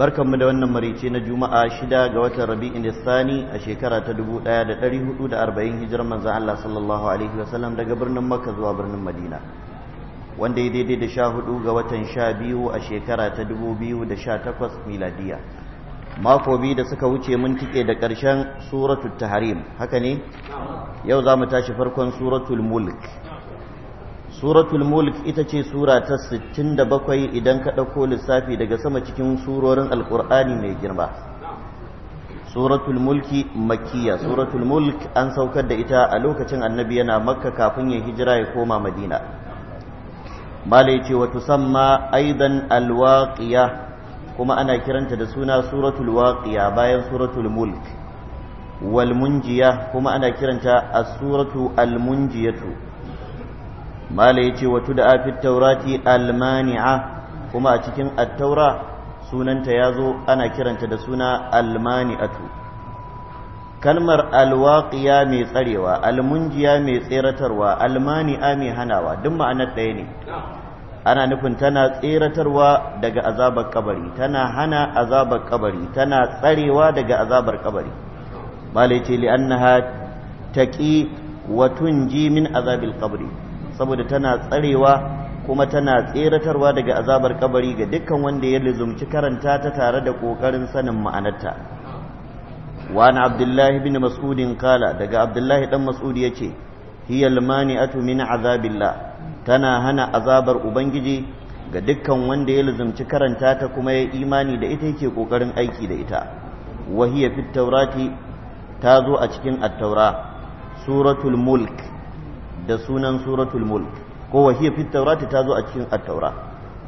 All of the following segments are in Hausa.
mu da wannan marice na juma'a shida ga watan rabi'in sani a shekara ta 1440 hijirar manzon Allah sallallahu alaihi wasallam daga birnin makka zuwa birnin madina wanda ya daidai da sha hudu ga watan sha biyu a shekara ta 2018 miladiya mako biyu da suka wuce mun tike da ƙarshen suratul tahrim haka ne yau za mu tashi farkon suratul mulk suratul mulk ita ce sura ta 67 idan ka ɗauko lissafi daga sama cikin surorin alkur'ani mai girma suratul mulki Makiya, suratul mulk an saukar da ita a lokacin annabi yana makka kafin ya hijira ya koma madina malai ce wa tusamma aidan alwaqiya kuma ana kiranta da suna suratul waqiya bayan suratul mulk wal munjiya kuma ana kiranta as-suratu al munjiyatu mala yace da da afi taurati almani'a kuma a cikin Attaura sunanta ya zo, ana kiranta da suna almani'atu kalmar alwaqiya mai tsarewa almunjiya mai tseratarwa almani'a mai hanawa duk ma'anar ɗaya ne ana nufin tana tseratarwa daga azabar kabari tana hana azabar kabari tana tsarewa daga azabar kabari malai ce li'annaha taqi wa tunji min azabil qabri saboda tana tsarewa kuma tana tseratarwa daga azabar kabari ga dukkan wanda ya lizumci karanta ta tare da kokarin sanin ma'anarta wa na abdullahi bin mas'udin kala daga abdullahi dan mas'ud yace hiya almani'atu min azabillah tana hana azabar ubangiji ga dukkan wanda ya lizumci karanta ta kuma ya imani da ita yake kokarin aiki da ita wa hiya fit ta zo a cikin at-taura suratul mulk da sunan suratul mulk ko wahiya fit tawrati ta zo a cikin at-taura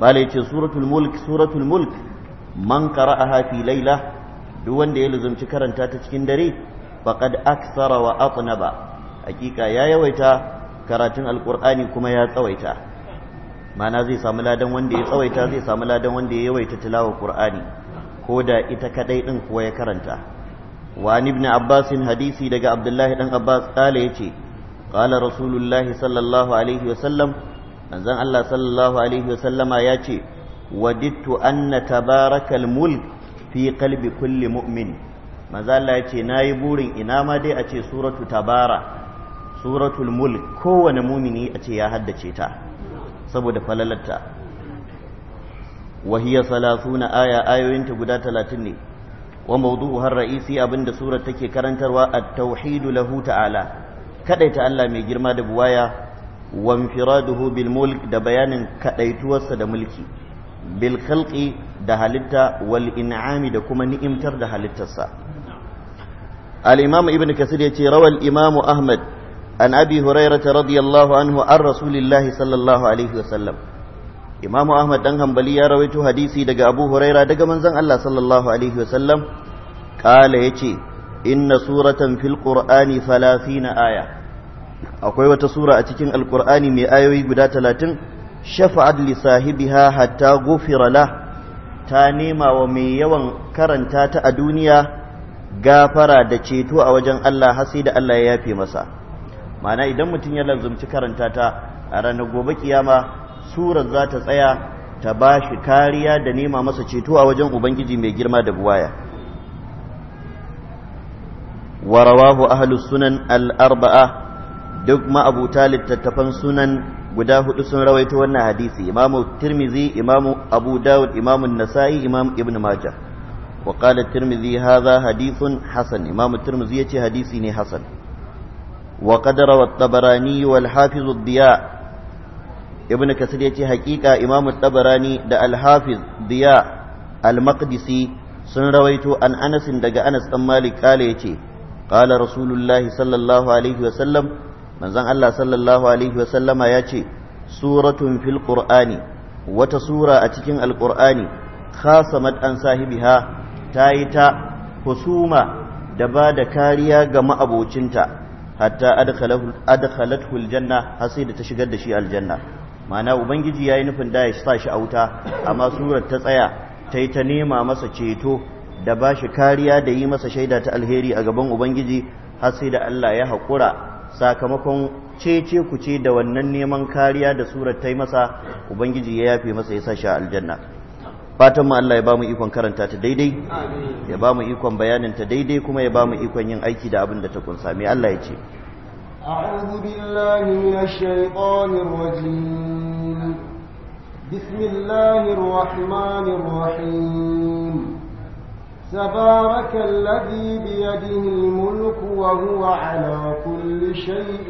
bala yace suratul mulk suratul mulk man qara'aha fi laila duk wanda ya luzumci karanta ta cikin dare faqad aksara wa atnaba hakika ya yawaita karatun alqur'ani kuma ya tsawaita mana zai samu ladan wanda ya tsawaita zai samu ladan wanda ya yawaita tilawa qur'ani ko da ita kadai din kuwa ya karanta wa ibn abbas hadisi daga abdullahi dan abbas kale yace qala rasulullahi sallallahu alaihi wasallam manzon Allah sallallahu alaihi wasallama ya ce wadittu anna tabarakal mulk fi kalbi kulle mu'min maza Allah ya ce nayi burin ina ma dai a ce suratu tabara suratul mulk kowane mumini a ce ya haddace ta saboda falalarta wahiya salasuna aya ayoyinta guda talatin ne wa mawdu'uha har raisi abinda surar take karantarwa a tauhidu lahu ta'ala kadaita Allah mai girma da buwaya wa infiraduhu bil mulk da bayanin kadaituwarsa da mulki bil khalqi da halitta wal in'ami da kuma ni'imtar da halittarsa al imam ibn kasir yace rawal imam ahmad an abi hurairah radiyallahu anhu an rasulillahi sallallahu alaihi wasallam imam ahmad dan hanbali ya rawaito hadisi daga abu hurairah daga manzon Allah sallallahu alaihi wasallam kala yace inna suratan fil qur'ani 30 aya akwai wata sura a cikin alqur'ani mai ayoyi guda 30 shafa'at li sahibiha hatta ghufira ta nema wa mai yawan karanta ta a duniya gafara da ceto a wajen Allah har sai da Allah ya yafe masa ma'ana idan mutum ya lanzumci karanta ta a ranar gobe kiyama surar za ta tsaya ta bashi kariya da nema masa ceto a wajen ubangiji mai girma da buwaya Warawahu rawahu sunan al-arba'a duk ma'abuta littattafan sunan guda hudu sun rawaito wannan hadisi imamu tirmizi imamu abu dawud imamu nasa'i imam ibn majah wa tirmizi hadha hadithun hasan imamu tirmizi yace hadisi ne hasan wa qad rawa ibn kasir yace haqiqa imamu tabarani da al-hafiz diya al-maqdisi sun rawaito an daga anas dan malik kale yace qala rasulullahi sallallahu alaihi wasallam manzon Allah sallallahu alaihi wasallama ya ce suratun fil wata sura a cikin alƙur'ani khasamat an sahibiha ta yi ta husuma da ba da kariya ga ma'abocinta hatta adkhalathu aljanna har sai da ta shigar da shi aljanna ma'ana ubangiji yayi nufin da ya sa shi a wuta amma surar ta tsaya ta yi ta nema masa ceto da ba shi kariya da yi masa shaida ta alheri a gaban ubangiji har sai da Allah ya haƙura sakamakon cece ku ce da wannan neman kariya da surar ta yi masa ubangiji ya yafe masa ya sa shi a aljanna fatan mu Allah ya ba mu ikon karanta ta daidai ya ba mu ikon bayanin ta daidai kuma ya ba mu ikon yin aiki da abin da ta kunsa me Allah ya ce أعوذ بالله من الشيطان الرجيم بسم الله الرحمن الرحيم تبارك الذي بيده الملك وهو على كل شيء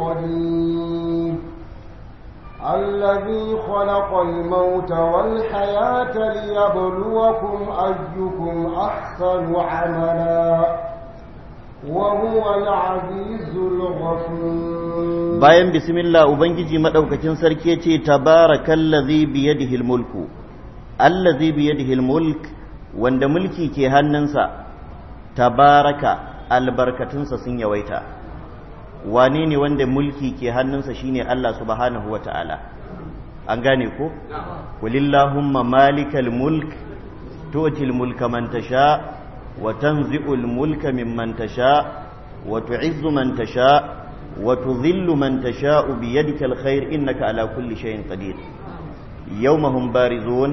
قدير الذي خلق الموت والحياة ليبلوكم أيكم أحسن عملا وهو العزيز الغفور باين بسم الله وبنجي مدوكتين سركيتي تبارك الذي بيده الملك الذي بيده الملك wanda mulki ke hannunsa tabaraka albarkatunsa sun yawaita wane ne wanda mulki ke hannunsa shine Allah subhanahu wa ta'ala an gane ko walillahumma malikal mulk tu'til mulka man tasha wa tanzi'ul mulka mimman tasha wa tu'izzu man tasha wa tudhillu man tasha bi yadikal khair innaka ala kulli shay'in qadir Yau hum barizun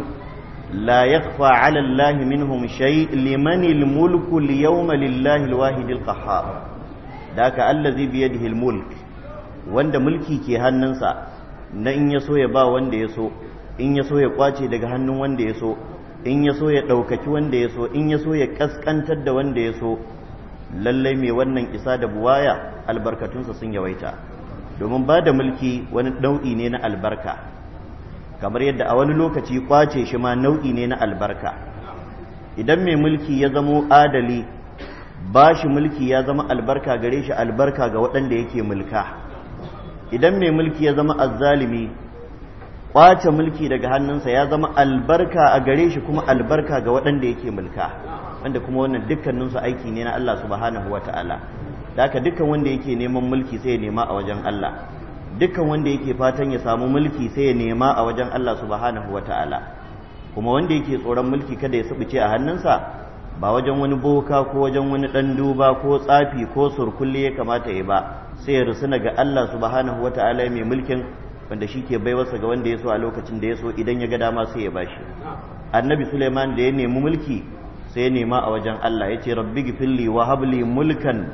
لا يخفى على الله منهم شيء لمن الملك اليوم لله الواحد القهار ذاك الذي بيده الملك wanda mulki ke hannunsa na in ya so ya ba wanda ya so in ya so ya kwace daga hannun wanda ya so in ya so ya ɗaukaki wanda ya so in ya so ya ƙasƙantar da wanda ya so lallai mai wannan isa da buwaya albarkatunsa sun yawaita domin ba da mulki wani ɗau'i ne na albarka kamar yadda a wani lokaci kwace shi ma nau'i ne na albarka idan mai mulki ya zamo adali ba shi mulki ya zama albarka gare shi albarka ga waɗanda yake mulka idan mai mulki ya zama azzalimi kwace mulki daga hannunsa ya zama albarka a gare shi kuma albarka ga waɗanda yake mulka wanda kuma wannan dukkaninsu aiki ne na Allah subhanahu wa ta'ala da haka dukkan wanda yake neman mulki sai ya nema a wajen Allah dukkan wanda yake fatan ya samu mulki sai ya nema a wajen Allah subhanahu wata'ala kuma wanda yake tsoron mulki kada ya sabuce a hannunsa ba wajen wani boka ko wajen wani dan duba ko tsafi ko surkulle ya kamata ya ba sai ya rusuna ga Allah subhanahu wata'ala mai mulkin wanda shi ke baiwarsa ga wanda ya so a lokacin da ya so idan ya ga dama sai ya bashi annabi suleiman da ya nemi mulki sai ya nema a wajen Allah ya ce rabbi gifilli wa habli mulkan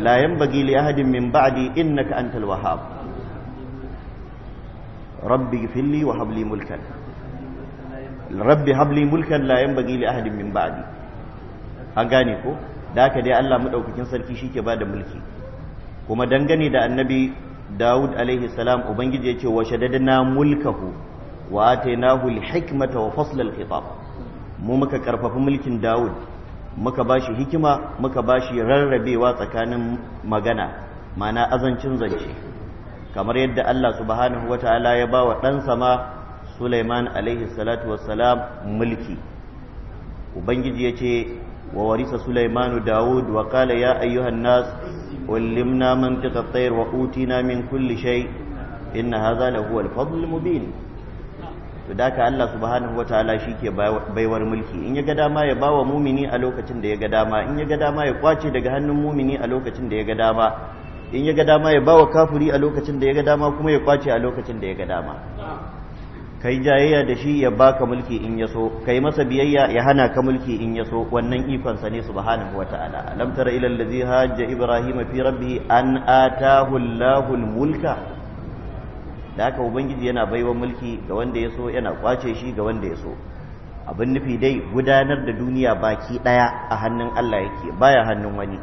la yanbaghi li ahadin min ba'di innaka ka'antar wahab. rabbi filli wa habli mulkan rabbi habli mulkan la yanbaghi li ahadin min ba'di an gane ko da haka dai Allah maɗaukakin sarki shi shike bada mulki kuma dangane da annabi Dawud alaihi salam ubangiji yace wa shaddadna mulkahu wa atainahu al-hikmata wa fasl al mu muka karfafi mulkin Dawud muka bashi hikima muka ba shi rarrabewa tsakanin magana mana azancin zance kamar yadda Allah subhanahu wataala ya ba wa ɗansa ma Sulaiman alaihi salatu wassalam mulki ubangiji ya ce wa warisa Suleimanu dawud wa kala ya ayyuhan nas ullimna mantiqa at wa utina min kulli shay inna hadha la huwa al-fadl mubin to daka Allah subhanahu wataala shike baiwar mulki in ya ga dama ya bawa mumini a lokacin da ya ga dama in ya ga dama ya kwace daga hannun mumini a lokacin da ya ga dama in ya ga dama ya bawa kafuri a lokacin da ya ga dama kuma ya kwace a lokacin da ya ga dama kai jayayya da shi ya baka mulki in yaso, so kai masa biyayya ya hana ka mulki in yaso, wannan ikon sa ne subhanahu wataala lam tara ila allazi hajja ibrahim fi rabbih an atahu allahu mulka da haka ubangiji yana baiwa mulki ga wanda ya so yana kwace shi ga wanda ya so abin nufi dai gudanar da duniya baki daya a hannun Allah yake baya hannun wani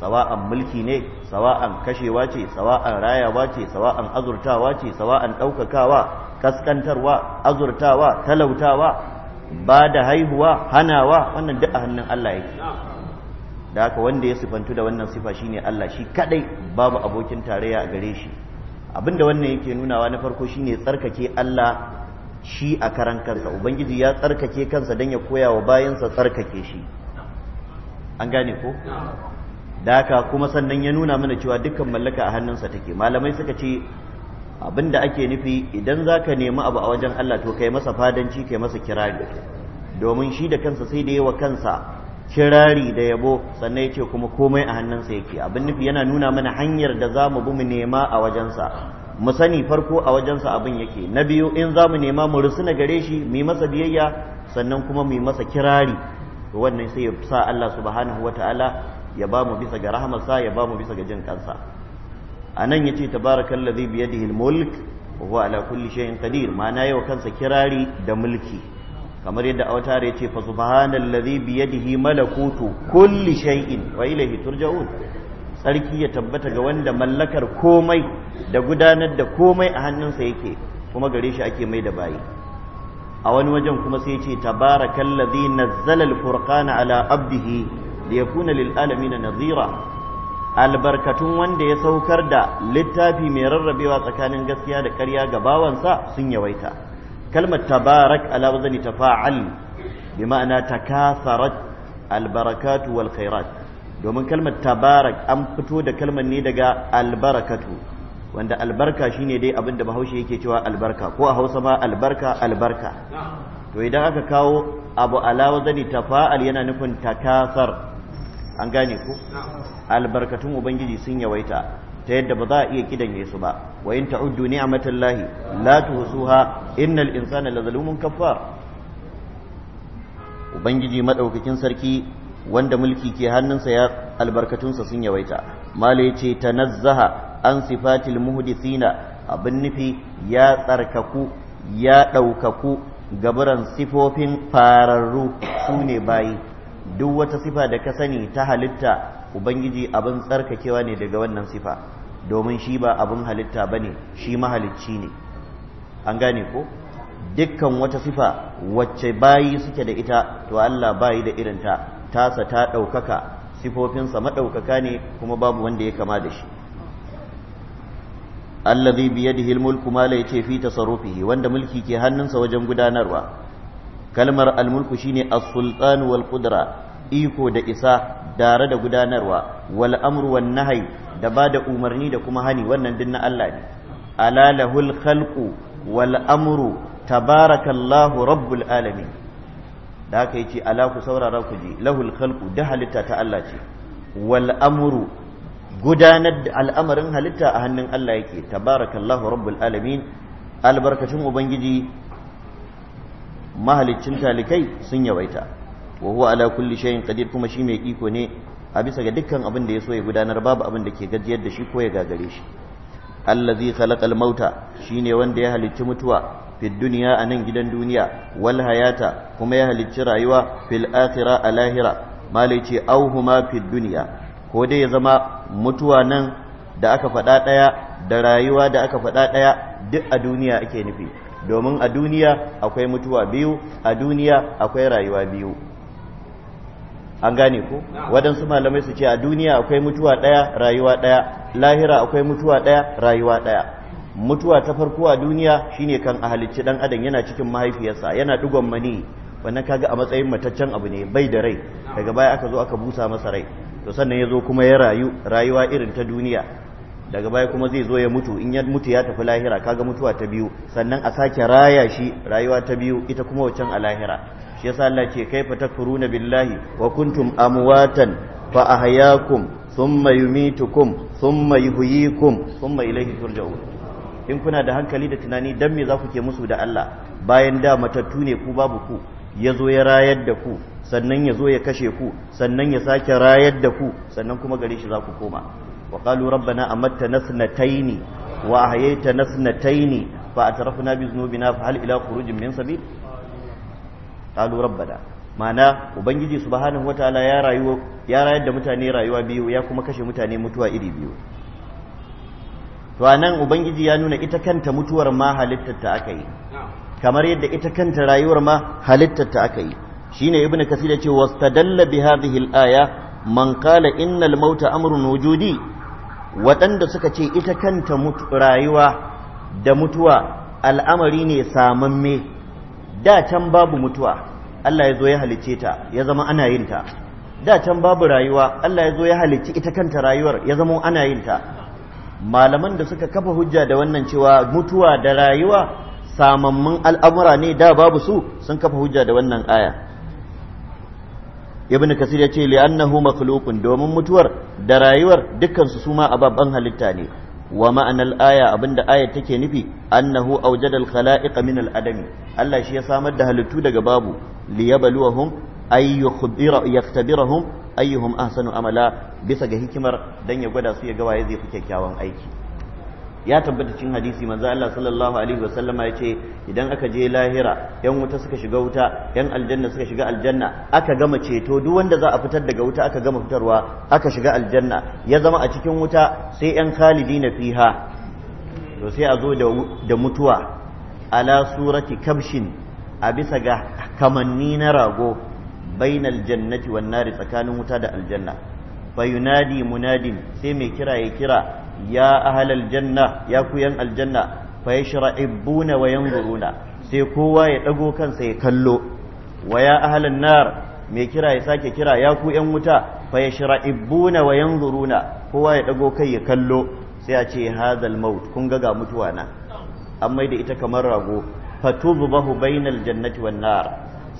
sawa'an mulki ne sawa'an kashewa ce sawa'an rayawa ce sawa'an azurtawa ce sawa'an ɗaukakawa kaskantarwa azurtawa talautawa ba da haihuwa hanawa wannan duk a hannun Allah yake da haka wanda ya sifantu da wannan sifa shine Allah shi kadai babu abokin tarayya a gare shi abinda wannan yake nunawa na farko shine tsarkake Allah shi a karan kansa ubangiji ya tsarkake kansa don ya koya wa bayansa tsarkake shi an gane ko da haka kuma sannan ya nuna mana cewa dukkan mallaka a hannunsa take malamai suka ce abin da ake nufi idan za ka nemi abu a wajen Allah to kai masa fadanci kai masa kirari domin shi da kansa sai da yawa kansa kirari da yabo sannan ya ce kuma komai a hannunsa yake abin nufi yana nuna mana hanyar da za mu bi mu nema a wajensa mu sani farko a wajensa abin yake na biyu in za mu nema mu rusuna gare shi mu yi masa biyayya sannan kuma mu yi masa kirari wannan sai ya sa Allah subhanahu wataala ya ba mu bisa ga rahamarsa ya ba mu bisa ga jin kansa a nan ya ce tabarakal ladhi bi da mulk wa huwa ala kulli shay'in qadir ma'ana yau kansa kirari da mulki kamar yadda a wata ya ce fa subhanal ladhi bi yadihi malakutu kulli shay'in wa ilayhi turja'un sarki ya tabbata ga wanda mallakar komai da gudanar da komai a hannunsa yake kuma gare shi ake mai da bayi a wani wajen kuma sai ce tabarakal ladhi nazzala al-furqana ala abdihi liyakuna lil'alami na nazira albarkatun wanda ya saukar da littafi mai rarrabewa tsakanin gaskiya da karya ga bawansa sun yawaita kalmar tabarak ala wazani fa'al bi ma'ana takatharat albarakatu wal khairat domin kalmar tabarak an fito da kalmar ne daga albarakatu wanda albarka shine dai abin da bahaushe yake cewa albarka ko a hausa ma albarka albarka to idan aka kawo abu ala wazani fa'al yana nufin takasar an gane ku albarkatun ubangiji sun yawaita ta yadda ba za a iya kidanye su ba wa in ta'uddu a la tuhsuha innal insana zalumun kaffar ubangiji madaukakin sarki wanda mulki ke hannunsa ya albarkatunsa sun yawaita mala yace tanazzaha an sifatil muhdithina abin nufi ya tsarkaku ya ɗaukaku gabaran sifofin fararru su ne bayi duk wata sifa da ka sani ta halitta ubangiji abin tsarkakewa ne daga wannan sifa domin shi ba abin halitta ba ne shi mahalicci ne an gane ko dukkan wata sifa wacce bayi suke da ita to Allah bayi da irinta tasa ta ɗaukaka sifofinsa maɗaukaka ne kuma babu wanda ya kama da shi Allah allazi biyadihi almulku ma yace fi tasarrufihi wanda mulki ke hannunsa wajen gudanarwa kalmar almulku shine as-sultan wal qudra iko da isa dare da gudanarwa wal amru wan nahyi da bada umarni da kuma hani wannan din na Allah ne ala lahul khalqu wal amru tabarakallahu rabbul alamin da haka yace ala ku saurara ku ji lahul khalqu da halitta ta Allah ce wal amru gudanar da al'amarin halitta a hannun Allah yake tabarakallahu rabbul alamin albarkacin ubangiji mahaliccin talikai sun yawaita wa huwa ala kulli shay'in qadir kuma shi mai iko ne a bisa ga dukkan abin da ya so ya gudanar babu abin da ke gajiyar da shi ko ya gagare shi allazi khalaqal mauta shine wanda ya halicci mutuwa fil dunya a nan gidan duniya wal hayata kuma ya halicci rayuwa fil akhirah a lahira malai ce auhuma fid dunya ko dai ya zama mutuwa nan da aka faɗa ɗaya da rayuwa da aka faɗa ɗaya duk a duniya ake nufi domin a duniya akwai mutuwa biyu a duniya akwai rayuwa biyu an gane ko wadansu malamai su ce a duniya akwai mutuwa ɗaya rayuwa ɗaya lahira akwai mutuwa ɗaya rayuwa ɗaya mutuwa ta farko a duniya shine kan a halicci ɗan adam yana cikin mahaifiyarsa yana ɗigon mani wannan kaga a matsayin mataccen abu ne bai da rai daga baya aka zo aka busa masa rai to sannan ya zo kuma ya rayu rayuwa irin ta duniya daga baya kuma zai zo ya mutu in ya mutu ya tafi lahira kaga mutuwa ta biyu sannan a sake raya shi rayuwa ta biyu ita kuma wacan a lahira shi yasa Allah ce kaifa takfuruna billahi wa kuntum amwatan fa ahyaakum thumma yumitukum thumma yuhyikum thumma ilayhi turja'un in kuna da hankali da tunani dan me za ku ke musu da Allah bayan da matattu ne ku babu ku ya ya rayar da ku sannan yazo ya kashe ku sannan ya sake rayar da ku sannan kuma gare shi za ku koma wa qalu rabbana amatta nasnataini wa ahyaita nasnataini fa atrafna bi dhunubina fa hal ila khurujin min sabil qalu rabbana ma'ana ubangiji subhanahu wataala ya rayuwa ya rayar da mutane rayuwa biyu ya kuma kashe mutane mutuwa iri biyu to anan ubangiji ya nuna ita kanta mutuwar ma halittar ta aka yi kamar yadda ita kanta rayuwar ma halittar ta aka yi shine ibnu kasir yace wastadalla bi hadhihi al-aya man qala innal mauta amrun wujudi waɗanda suka ce ita kanta rayuwa da mutuwa al'amari ne samamme da can babu mutuwa Allah ya zo ya halicce ta ya zama ana yin ta da can babu rayuwa Allah ya zo ya halicci ita kanta rayuwar ya zama ana yin ta malaman da suka kafa hujja da wannan cewa mutuwa da rayuwa samammun al'amura ne da babu su sun kafa hujja da wannan aya ibn kasir ya ce li'annahu makhluqun domin mutuwar da rayuwar dukkan su suma babban halitta ne wa ma'anar aya abinda ayar take nufi annahu aujadal al-khala'iq min al Allah shi ya samar da halittu daga babu liyabluwahum ay yukhdira yaktabirahum ayyuhum ahsanu amala bisa ga hikimar dan ya gwada su ya ga waye zai fi kyakkyawan aiki ya tabbata cikin hadisi manzo Allah sallallahu alaihi wasallama yace idan aka je lahira yan wuta suka shiga wuta yan aljanna suka shiga aljanna aka gama ceto duk wanda za a fitar daga wuta aka gama fitarwa aka shiga aljanna ya zama a cikin wuta sai yan khalidina fiha to sai a zo da da mutuwa ala surati kabshin a bisa ga kamanni na rago bainal jannati wan nari tsakanin wuta da aljanna fayunadi munadin sai mai kira ya kira ya ahalal janna ya ku aljanna fa yashra'ibuna wa yanzuruna sai kowa ya dago kansa ya kallo wa ya ahalan nar mai kira ya sake kira ya ku yan wuta fa yashra'ibuna wa yanzuruna kowa ya dago kai ya kallo sai a ce hadal maut kun ga ga mutuwa na an da ita kamar rago bahu bainal jannati wan nar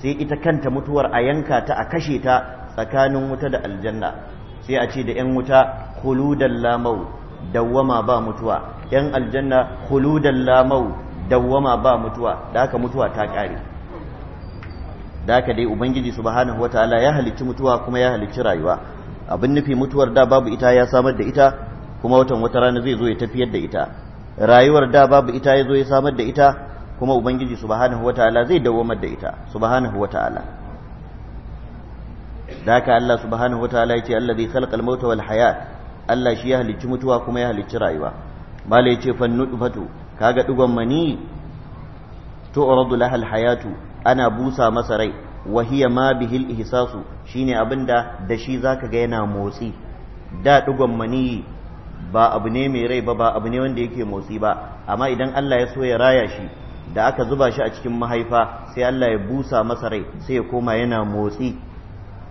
sai ita kanta mutuwar a yanka ta a kashe ta tsakanin wuta da aljanna sai a ce da yan wuta khuludan la maut dawwama ba mutuwa yan aljanna khuludan la maut dawwama ba mutuwa da haka mutuwa ta kare da haka dai ubangiji subhanahu wataala ya halicci mutuwa kuma ya halicci rayuwa abin nufi mutuwar da babu ita ya samar da ita kuma watan wata rana zai zo ya tafiyar da ita rayuwar da babu ita ya zo ya samar da ita kuma ubangiji subhanahu wataala zai dawwamar da ita subhanahu wataala da haka Allah subhanahu wataala ya ce allazi khalaqal mauta wal hayat Allah shi ya halicci mutuwa kuma ya halicci rayuwa mala yace fan nutfatu kaga digon mani uradu lahal hayatu ana busa masa rai wa hiya ma bihil ihsasu shine abinda da shi zaka ga yana motsi da digon mani ba abu ne mai rai ba ba abu ne wanda yake motsi ba amma idan Allah ya so ya raya shi da aka zuba shi a cikin mahaifa sai Allah ya busa masa rai sai ya koma yana motsi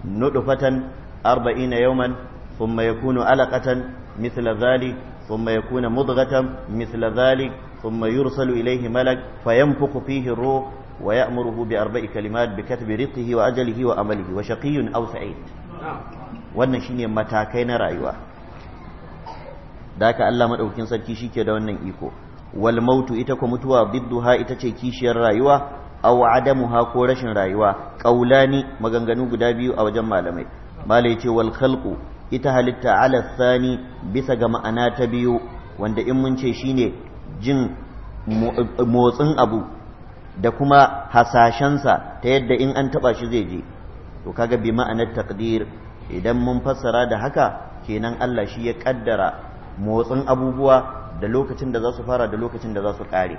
nudufatan arba'ina yauman ثم يكون علقة مثل ذلك ثم يكون مضغة مثل ذلك ثم يرسل إليه ملك فينفخ فيه الروح ويأمره بأربع كلمات بكتب رزقه وأجله وأمله وشقي أو سعيد wannan shine matakai na rayuwa da haka Allah maɗaukin sarki shike da wannan iko wal mautu ita ko mutuwa bidduha ita ce kishiyar rayuwa aw adamuha ko rashin rayuwa qaulani maganganu guda biyu a wajen malamai malai ce wal ita halitta ala sani bisa ga ma'ana ta biyu wanda in mun ce shine jin motsin abu da kuma hasashensa ta yadda in an taba shi zai je to kaga bi ma'anar takdir idan mun fassara da haka kenan Allah shi ya ƙaddara motsin abubuwa da lokacin da za su fara da lokacin da za su kare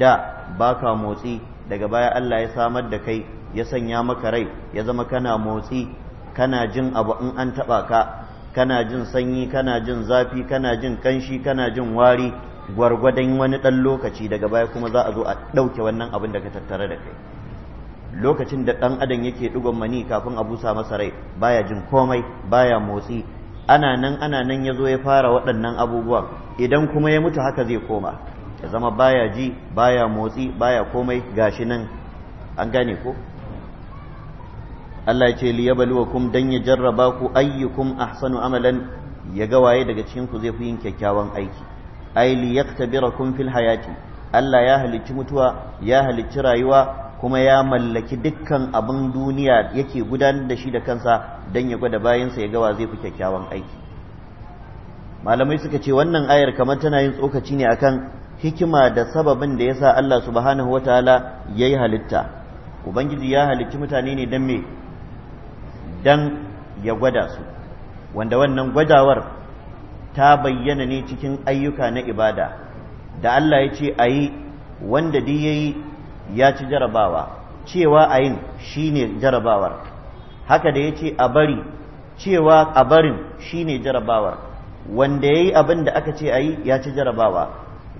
da baka motsi daga baya Allah ya samar da kai ya sanya maka rai ya zama kana motsi kana jin abu in an taɓa ka kana jin sanyi kana jin zafi kana jin kanshi kana jin wari gwargwadon wani ɗan lokaci daga baya kuma za a zo a ɗauke wannan abin da ka tattare da kai lokacin da ɗan adam yake ɗigon mani kafin a busa masa rai baya jin komai baya motsi ana nan ana nan ya zo ya fara waɗannan abubuwan idan kuma ya mutu haka zai koma ya zama baya ji baya motsi baya komai gashi nan an gane ko Allah ce li yabluwakum dan ya jarraba ku ayyukum ahsanu amalan ya ga waye daga cikin ku zai fi yin kyakkyawan aiki ai li yaktabirakum fil hayati Allah ya halicci mutuwa ya halicci rayuwa kuma ya mallaki dukkan abin duniya yake gudanar da shi da kansa dan ya gwada bayansa ya ga wa zai fi kyakkyawan aiki malamai suka ce wannan ayar kamar tana yin tsokaci ne akan hikima da sababin da yasa Allah subhanahu wataala yayi halitta ubangiji ya halicci mutane ne dan me dan ya gwada su wanda wannan gwadawar ta bayyana ne cikin ayyuka na ibada da Allah ya ce a yi wanda duk ya yi ya ci jarabawa cewa a yin shi ne jarabawar haka da ya ce a bari cewa a barin shi ne jarabawar wanda ya yi abin da aka ce a yi ya ci jarabawa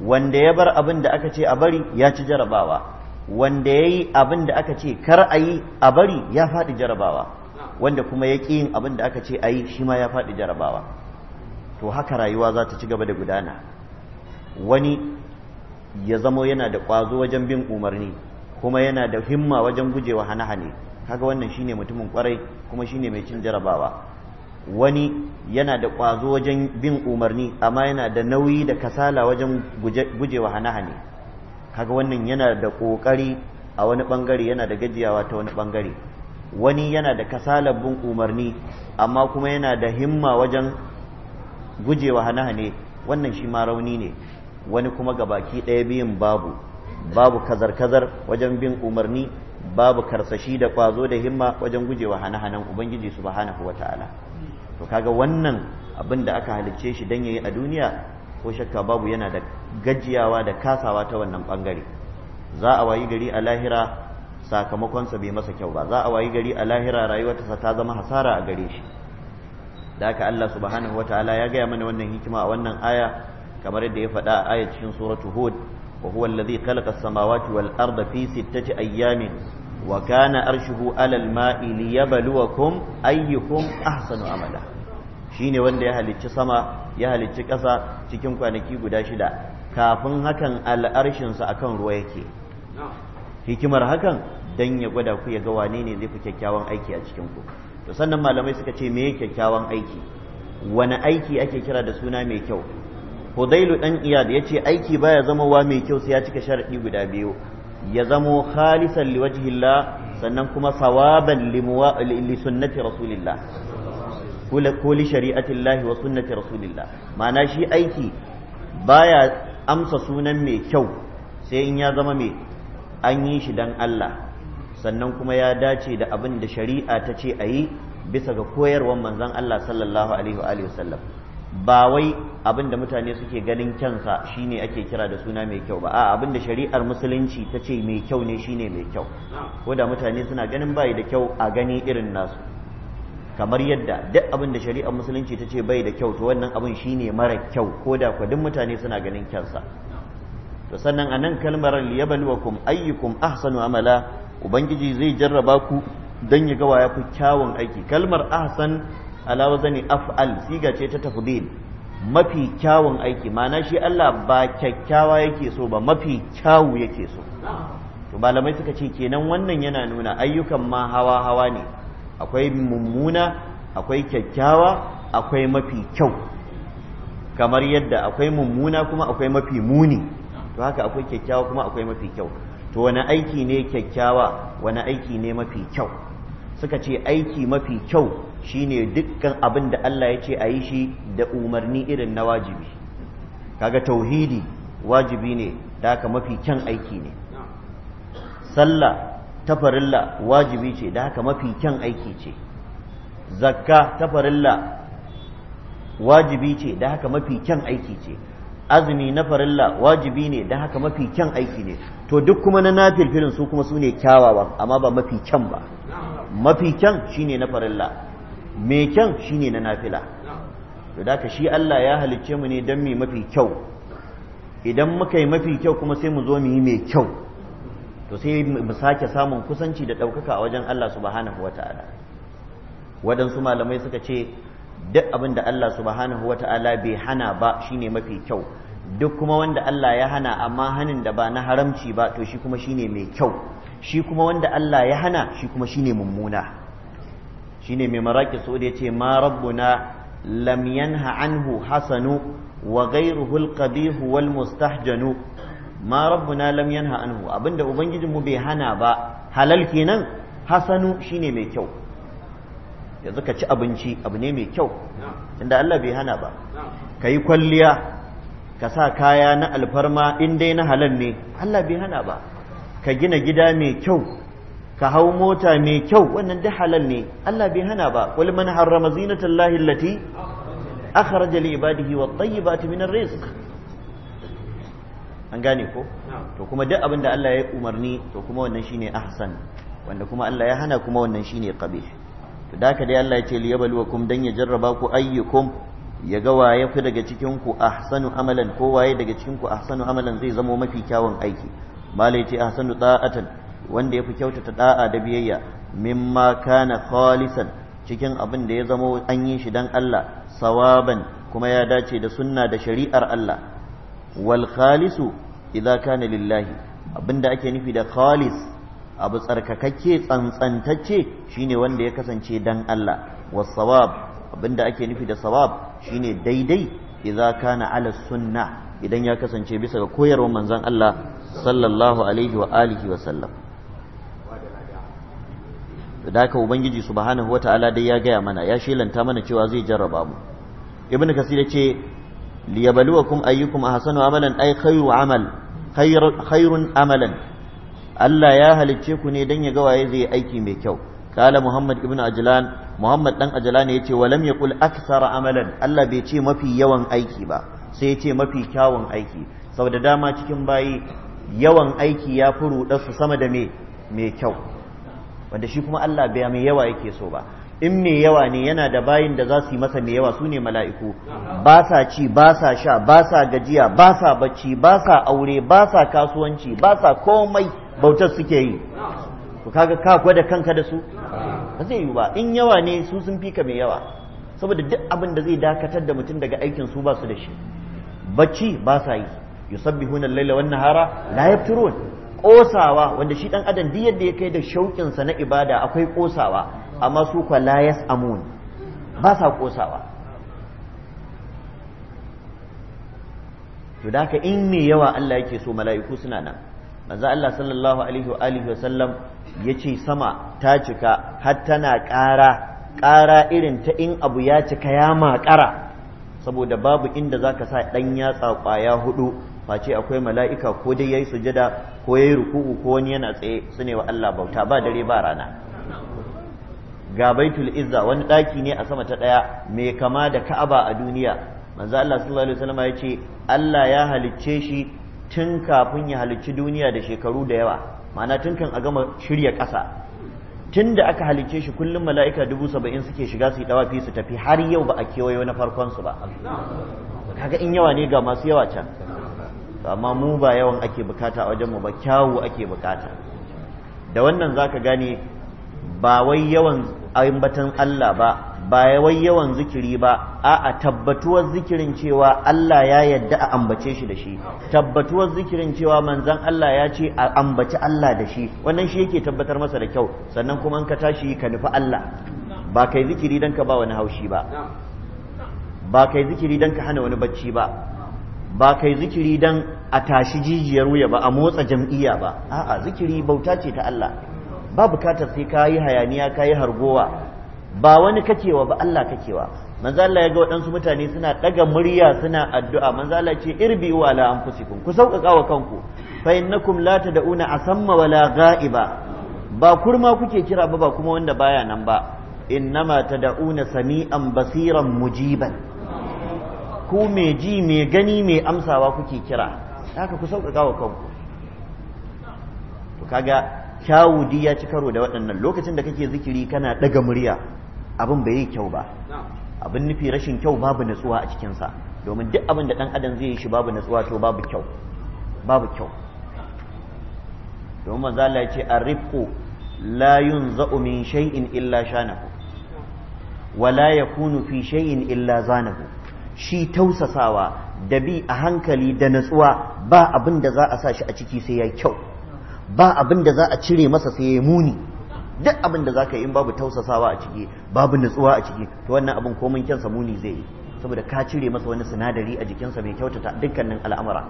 wanda ya bar abin da aka ce a bari ya ci jarabawa wanda ya yi abin da aka ce kar a yi a bari ya faɗi jarabawa wanda kuma ya ƙi yin abin da aka ce a yi shi ma ya faɗi jarabawa to haka rayuwa za ta ci gaba da gudana wani ya zamo yana da ƙwazo wajen bin umarni kuma yana da himma wajen gujewa hane-hane kaga wannan shine mutumin kwarai kuma shine mai cin jarabawa wani yana da ƙwazo wajen bin umarni amma yana da nauyi da kasala wajen gujewa hane-hane kaga wannan yana da ƙoƙari a wani ɓangare yana da gajiyawa ta wani ɓangare wani yana da kasalar bin umarni amma kuma yana da himma wajen gujewa hane-hane wannan shi ma rauni ne wani kuma ga baki ɗaya biyun babu babu kazar-kazar wajen bin umarni babu karsashi da ƙwazo da himma wajen gujewa hane-hanen ubangiji subhanahu wata'ala to kaga wannan abin da aka halicce shi dan yayi a duniya ko shakka babu yana da gajiyawa da kasawa ta wannan bangare za a wayi gari a lahira sakamakonsa bai masa kyau ba za a wayi gari a lahira rayuwarsa ta zama hasara a gare shi da haka Allah subhanahu wataala ya gaya mana wannan hikima a wannan aya kamar yadda ya faɗa a aya cikin suratu hud wa huwa alladhi khalaqa as-samawati wal arda fi sittati ayyamin wa kana arshuhu alal ma'i liyabluwakum ayyukum ahsanu amala shine wanda ya halicci sama ya halicci ƙasa cikin kwanaki guda shida kafin hakan al'arshinsa akan ruwa yake hikimar hakan dan ya gwada ku ya ga wane ne zai fi kyakkyawan aiki a cikin ku to sannan malamai suka ce me kyakkyawan aiki wani aiki ake kira da suna mai kyau Hudailu dan Iyad yace aiki baya zama wa mai kyau sai ya cika sharadi guda biyu ya zamo khalisan liwajhillah sannan kuma sawaban li sunnati rasulillah ko li shari'atillahi wa sunnati rasulillah ma'ana shi aiki baya amsa sunan mai kyau sai in ya zama mai an yi shi dan Allah sannan kuma ya dace da abin da shari'a ta ce a yi bisa ga koyarwar manzon Allah sallallahu alaihi wa sallam ba wai abin da mutane suke ganin kyansa shine ake kira da suna mai kyau ba A'a abin da shari'ar musulunci ta ce mai kyau ne shine mai kyau ko da mutane suna ganin bai da kyau a gani irin nasu kamar yadda duk abin da shari'ar musulunci ta ce bai da kyau to wannan abin shine mara kyau ko da kwa mutane suna ganin kyansa to sannan anan kalmar liyabluwakum ayyukum ahsanu amala ubangiji zai jarraba ku don ya gawa ya fi kyawun aiki kalmar ahsan ala wazani af'al siga ce ta tafdil mafi kyawun aiki mana shi Allah ba kyakkyawa yake so ba mafi kyawu yake so to malamai suka ce kenan wannan yana nuna ayyukan ma hawa hawa ne akwai mummuna akwai kyakkyawa akwai mafi kyau kamar yadda akwai mummuna kuma akwai mafi muni to haka akwai kyakkyawa kuma akwai mafi kyau to wani aiki ne kyakkyawa wani aiki ne mafi kyau suka ce aiki mafi kyau shine dukkan abin da Allah ya ce a yi shi da umarni irin na wajibi kaga tauhidi wajibi ne da haka mafi kyan aiki ne sallah tafarilla wajibi ce da haka mafi kyan aiki ce zakka tafarilla wajibi ce da haka mafi kyan aiki ce azumi na farilla wajibi ne don haka mafi kyan aiki ne to duk kuma na nafilfilin su kuma su ne kyawawa amma ba mafi kyan ba mafi kyan ne na farilla mai kyan ne na nafila to da shi Allah ya halicce mu ne don mai mafi kyau idan muka yi mafi kyau kuma sai mu zo mu yi mai kyau to sai mu sake samun kusanci da ɗaukaka a wajen Allah subhanahu wa ta'ala waɗansu malamai suka ce duk abin da Allah subhanahu ta'ala bai hana ba shine mafi kyau duk kuma wanda Allah ya hana amma hanin da ba na haramci ba to shi kuma shi ne mai kyau shi kuma wanda Allah ya hana shi kuma shi ne mummuna Shi ne mai maraƙi so da ya ce ma rabbuna lam yanha anhu hasanu wa ghayruhu al huwal wal mustahjanu ma rabbuna lam yanha anhu abinda ubangijinmu bai hana ba halal kenan hasanu shine mai kyau yanzu ka ci abinci abu ne mai kyau inda Allah bai hana ba ka yi kwalliya ka sa kaya na alfarma in dai na halal ne Allah bai hana ba ka gina gida mai kyau ka hau mota mai kyau wannan duk halal ne Allah bai hana ba wal man harrama zinatallahi allati akhraja li ibadihi wat tayyibati min rizq an gane ko to kuma duk abin da Allah ya umarni to kuma wannan shine ahsan wanda kuma Allah ya hana kuma wannan shine qabih da ka dai Allah ya ce li yabluwakum dan ya jarraba ku ayyukum ya ga waye ku daga cikin ku ahsanu amalan ko waye daga cikin ku ahsanu amalan zai zamo mafi kyawun aiki malai ce ahsanu da'atan wanda yafi kyautata da'a da biyayya mimma kana khalisan cikin abin da ya zamo an yi shi dan Allah sawaban kuma ya dace da sunna da shari'ar Allah wal khalisu idza kana lillahi abinda ake nufi da khalis abu tsarkakakke tsantsantacce shine wanda ya kasance dan Allah wasawab abinda ake nufi da sawab shine daidai idza kana ala sunna idan ya kasance bisa ga koyarwar manzon Allah sallallahu alaihi wa alihi wa sallam da haka ubangiji subhanahu wata'ala dai ya gaya mana ya shelanta mana cewa zai jarraba mu ibnu kasir yace liyabluwakum ayyukum ahsanu amalan ay khayru amal khayrun amalan Allah ya halicce ku ne don ya ga waye zai aiki mai kyau kala Muhammad ibn Ajlan Muhammad dan Ajlan ce wa lam yaqul akthara amalan Allah bai ce mafi yawan aiki ba sai ce mafi kyawun aiki saboda dama cikin bayi yawan aiki ya fi su sama da me mai kyau wanda shi kuma Allah bai mai yawa yake so ba in mai yawa ne yana da bayin da za su yi masa mai yawa su ne mala'iku ba sa ci ba sa sha ba sa gajiya ba sa bacci ba sa aure ba sa kasuwanci ba sa komai bautar suke yi to kaga ka gwada kanka da su ba zai yi ba in yawa ne su sun fi ka mai yawa saboda duk abin da zai dakatar da mutum daga aikin su ba su da shi bacci ba sa yi yusabbihuna al-laila wan nahara la yafturun kosawa wanda shi dan adam duk yadda ya kai da shauƙin sa na ibada akwai kosawa amma su kwa la yasamun ba sa kosawa to da in me yawa Allah yake so mala'iku suna nan manzo Allah sallallahu alaihi wa alihi wasallam yace sama ta cika har tana ƙara ƙara irin ta in abu ya cika ya maƙara saboda babu inda zaka sa dan yatsa kwaya hudu face akwai mala'ika ko dai yayi sujada ko yayi ruku'u ko wani yana tsaye sune wa Allah bauta ba dare ba rana ga baitul izza wani ɗaki ne a sama ta ɗaya mai kama da ka'aba a duniya manzo Allah sallallahu alaihi wasallam ya ce Allah ya halicce shi tun kafin ya halicci duniya da shekaru da yawa ma'ana tun kan a gama shirya ƙasa tun da aka halicce shi kullum mala'ika dubu saba'in suke shiga su yi dawafi su tafi har yau ba a kewayo na farkon su ba kaga in yawa ne ga masu yawa can amma mu ba yawan ake bukata a wajen mu ba kyawu ake bukata da wannan zaka gane ba wai yawan batan Allah ba ba wai yawan zikiri ba a'a tabbatuwar zikirin cewa Allah ya yadda a ambace shi da shi tabbatuwar zikirin cewa manzan Allah ya ce a ambaci Allah da shi wannan shi yake tabbatar masa da kyau sannan kuma in ka tashi ka nufi Allah ba kai zikiri dan ka ba wani haushi ba ba kai zikiri dan ka hana wani bacci ba ba kai zikiri dan a tashi jijiyar wuya ba a motsa jam'iyya ba a'a zikiri bauta ce ta Allah ba bukatar sai ka yi hayaniya ka yi hargowa ba wani kakewa ba Allah kakewa manzo Allah ya ga waɗansu mutane suna ɗaga murya suna addu'a manzo Allah ce irbi wa la anfusikum ku sauƙaƙa wa kanku fa innakum la tad'una asamma wala ga'iba ba kurma kuke kira ba ba kuma wanda baya nan ba innama tad'una sami'an basiran mujiban ku me ji me gani me amsawa kuke kira haka ku sauƙaƙa wa kanku to kaga kyawudi ya ci karo da waɗannan lokacin da kake zikiri kana ɗaga murya abin bai yi kyau ba abin nufi rashin kyau babu natsuwa a cikinsa domin duk abin da ɗan adam zai yi shi babu natsuwa to babu kyau babu kyau domin manzo Allah ya ce a la Layun za'umin shay'in illa shanahu wa la yakunu fi shay'in illa zanahu shi tausasawa da bi a hankali da natsuwa ba abin da za a sa shi a ciki sai ya kyau ba abin da za a cire masa sai ya muni duk abin da zaka yi in babu tausasawa a ciki babu nutsuwa a ciki to wannan abin komin kyansa muni zai yi saboda ka cire masa wani sinadari a jikinsa mai kyautata dukkanin al'amura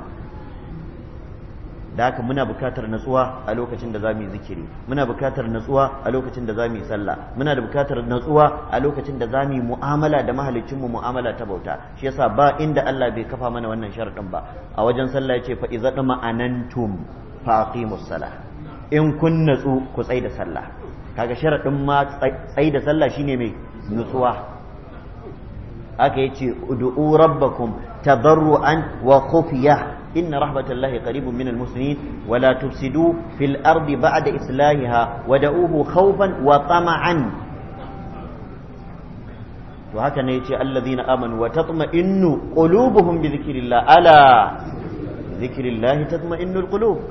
da haka muna bukatar natsuwa a lokacin da za yi zikiri muna bukatar natsuwa a lokacin da za yi sallah muna da bukatar natsuwa a lokacin da za mu yi mu'amala da mu mu'amala ta bauta shi yasa ba inda Allah bai kafa mana wannan sharadin ba a wajen sallah yace fa idza dama anantum faqimus salah in kun natsu ku tsai da sallah kaga sharaɗin ma tsayi da sallah shine mai nutsuwa aka yace udu'u rabbakum tadarruan wa khufiya inna rahmatallahi qaribun minal muslimin wa la tufsidu fil ardi ba'da islahiha wa da'uhu khawfan wa tama'an to haka ne yace allazina amanu wa tatma'innu qulubuhum bi dhikrillah ala dhikrillah tatma'innul qulub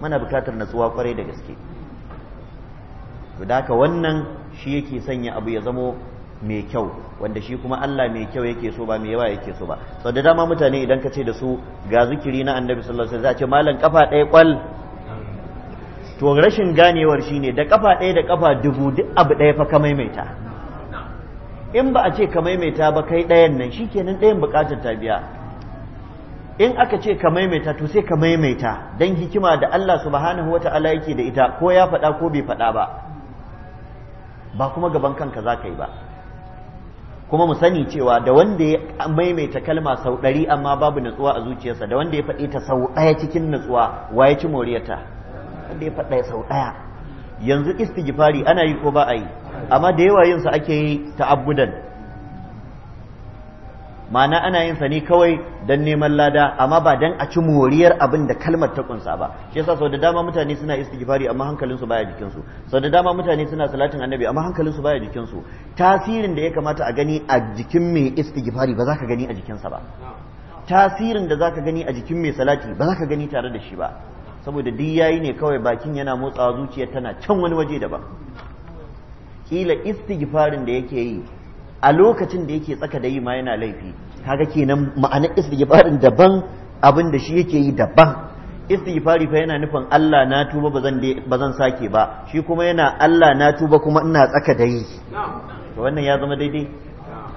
mana bukatar natsuwa kwarai da gaske to da wannan shi yake sanya abu ya zamo mai kyau wanda shi kuma Allah mai kyau yake so ba mai yawa yake so ba sau da dama mutane idan ka ce da su ga zikiri na annabi sallallahu alaihi wasallam za a ce malam kafa ɗaya kwal to rashin ganewar shine da kafa ɗaya da kafa dubu duk abu ɗaya fa ka maimaita in ba a ce ka maimaita ba kai ɗayan nan shi kenan ɗayan buƙatar ta biya in aka ce ka maimaita to sai ka maimaita don hikima da Allah subhanahu wata'ala yake da ita ko ya faɗa ko bai faɗa ba ba kuma gaban kanka za ka yi ba kuma mu sani cewa da wanda ya maimaita kalma sau ɗari amma babu natsuwa a zuciyarsa da wanda ya faɗi ta sau ɗaya cikin natsuwa wa ya ci moriyarta wanda ya faɗa sau ɗaya yanzu istigifari ana yi ko ba a yi amma da yawa yinsa ake yi abudan ma'ana ana yin sa ne kawai don neman lada amma ba don a ci moriyar abin da kalmar ta kunsa ba shi yasa sau da dama mutane suna istighfari amma hankalin baya jikin sau da dama mutane suna salatin annabi amma hankalin su baya jikin tasirin da ya kamata a gani a jikin mai istighfari ba za ka gani a jikinsa ba tasirin da za ka gani a jikin mai salati ba za ka gani tare da shi ba saboda duk yayi ne kawai bakin yana motsawa zuciya tana can wani waje daban kila istighfarin da yake yi a lokacin da yake tsaka da yi ma yana laifi kaga kenan ma'anar istighfarin daban abin da shi yake yi daban istighfari fa yana nufin Allah na tuba bazan bazan sake ba shi kuma yana Allah na tuba kuma ina tsaka da yi to wannan ya zama daidai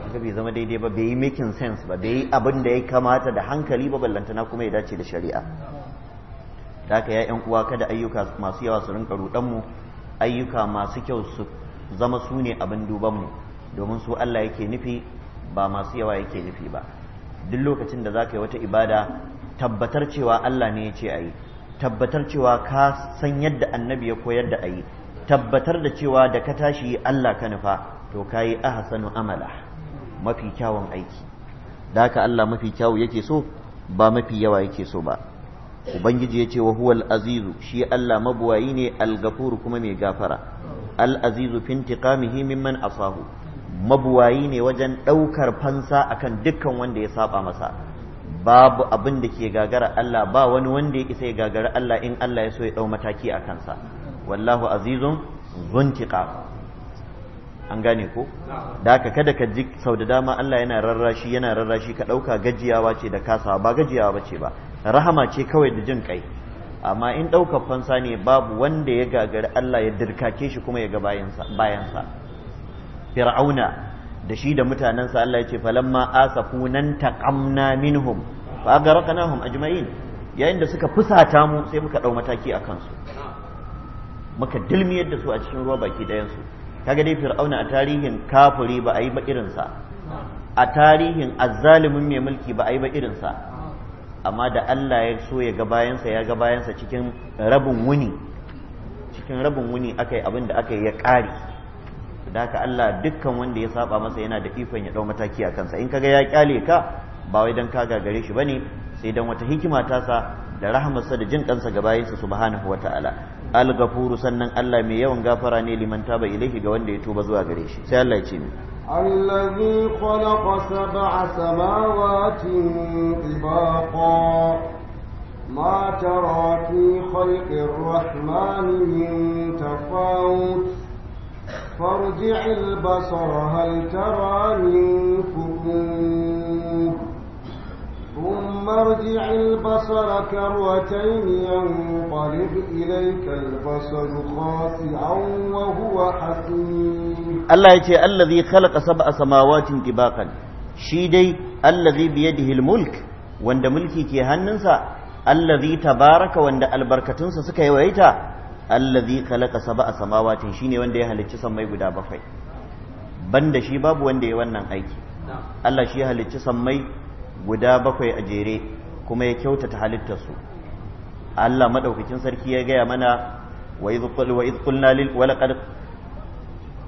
kaga bai zama daidai ba bai yi making sense ba bai yi abin da ya kamata da hankali ba ballantana kuma ya dace da shari'a haka ya yan uwa kada ayyuka masu yawa su rinka rudan mu ayyuka masu kyau su zama su ne abin duban mu domin su Allah yake nufi ba masu yawa yake nufi ba duk lokacin da za ka yi wata ibada tabbatar cewa Allah ne ya ce a yi tabbatar cewa ka san yadda annabi ya koyar da a yi tabbatar da cewa da ka tashi Allah ka nufa to ka yi ahsanu amala mafi kyawun aiki da haka Allah mafi kyawu yake so ba mafi yawa yake so ba ubangiji ya ce wa huwal azizu shi Allah mabuwayi ne al kuma mai gafara al azizu fi intiqamihi mimman asahu mabuwayi ne wajen ɗaukar fansa akan dukkan wanda ya saba masa babu abin da ke gagara Allah ba wani wanda ya isa ya gagara Allah in Allah ya so ya ɗau mataki a kansa wallahu azizun zuntiqa an gane ko da haka kada ka ji sau da dama Allah yana rarrashi yana rarrashi ka ɗauka gajiyawa ce da kasawa ba gajiyawa ba ce ba rahama ce kawai da jin kai amma in ɗaukar fansa ne babu wanda ya gagari Allah ya dirkake shi kuma ya ga bayansa fir'auna da shi da mutanansa Allah ya ce falamma asafunan taqamna minhum fa aghraqnahum ajma'in yayin da suka fusata mu sai muka dau mataki a kansu muka dilmiyar da su a cikin ruwa baki ɗayan su kaga dai fir'auna a tarihin kafiri ba a yi ba irinsa a tarihin azzalimin mai mulki ba a yi ba irinsa amma da Allah ya so ya ga bayansa ya ga bayansa cikin rabin wuni cikin rabin wuni aka yi abin da ya kare da haka Allah dukkan wanda ya saba masa yana da ikon ya dau mataki a kansa in kaga ya kyale ka ba wai dan ka gagare shi bane sai dan wata hikima ta sa da rahmarsa da jin kansa ga bayinsa subhanahu wataala al-ghafuru sannan Allah mai yawan gafara ne liman taba ilaihi ga wanda ya tuba zuwa gare shi sai Allah ya ce ni الذي خلق سبع سماوات طباقا ما ترى في خلق الرحمن من تفاوت فارجع البصر هل ترى من فؤوه ثم ارجع البصر كروتين ينقلب إليك البصر خاسعا وهو حسير الله يتي الذي خلق سبع سماوات طباقا shi dai allazi biyadihi mulk wanda mulki ke hannunsa allazi tabaraka wanda albarkatunsa suka yawaita allazi khalaqa sab'a samawatin shine wanda ya halicci sammai guda bakwai banda shi babu wanda ya wannan aiki Allah shi ya halicci sammai guda bakwai a jere kuma ya kyautata halittar su Allah madaukakin sarki ya gaya mana wa idh qul qulna lil wa laqad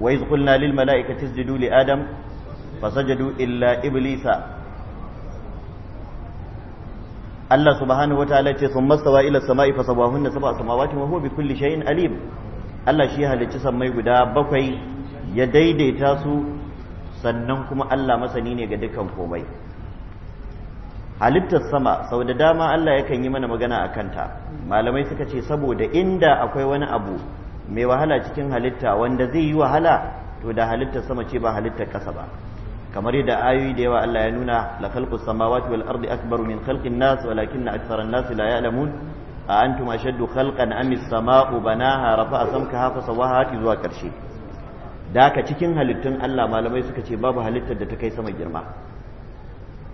qulna lil malaikati isjudu li adam fasajadu illa iblisa Allah subhanahu wataala ce sun mastawa ila sama'i fa sabahunna sab'a samawati wa huwa bi kulli shay'in alim Allah shi halicci sammai guda bakwai ya daidaita su sannan kuma Allah masani ne ga dukkan komai halittar sama sau da dama Allah yakan yi mana magana a kanta malamai suka ce saboda inda akwai wani abu mai wahala cikin halitta wanda zai yi wahala to da halittar sama ce ba halittar ƙasa ba kamar yadda ayoyi da yawa Allah ya nuna la khalqu samawati wal ardi akbaru min khalqin nas walakinna an nas la ya'lamun a antum ashaddu khalqan am as-sama'u banaha rafa'a samkaha fa sawaha zuwa karshe da haka cikin halittun Allah malamai suka ce babu halittar da ta kai sama girma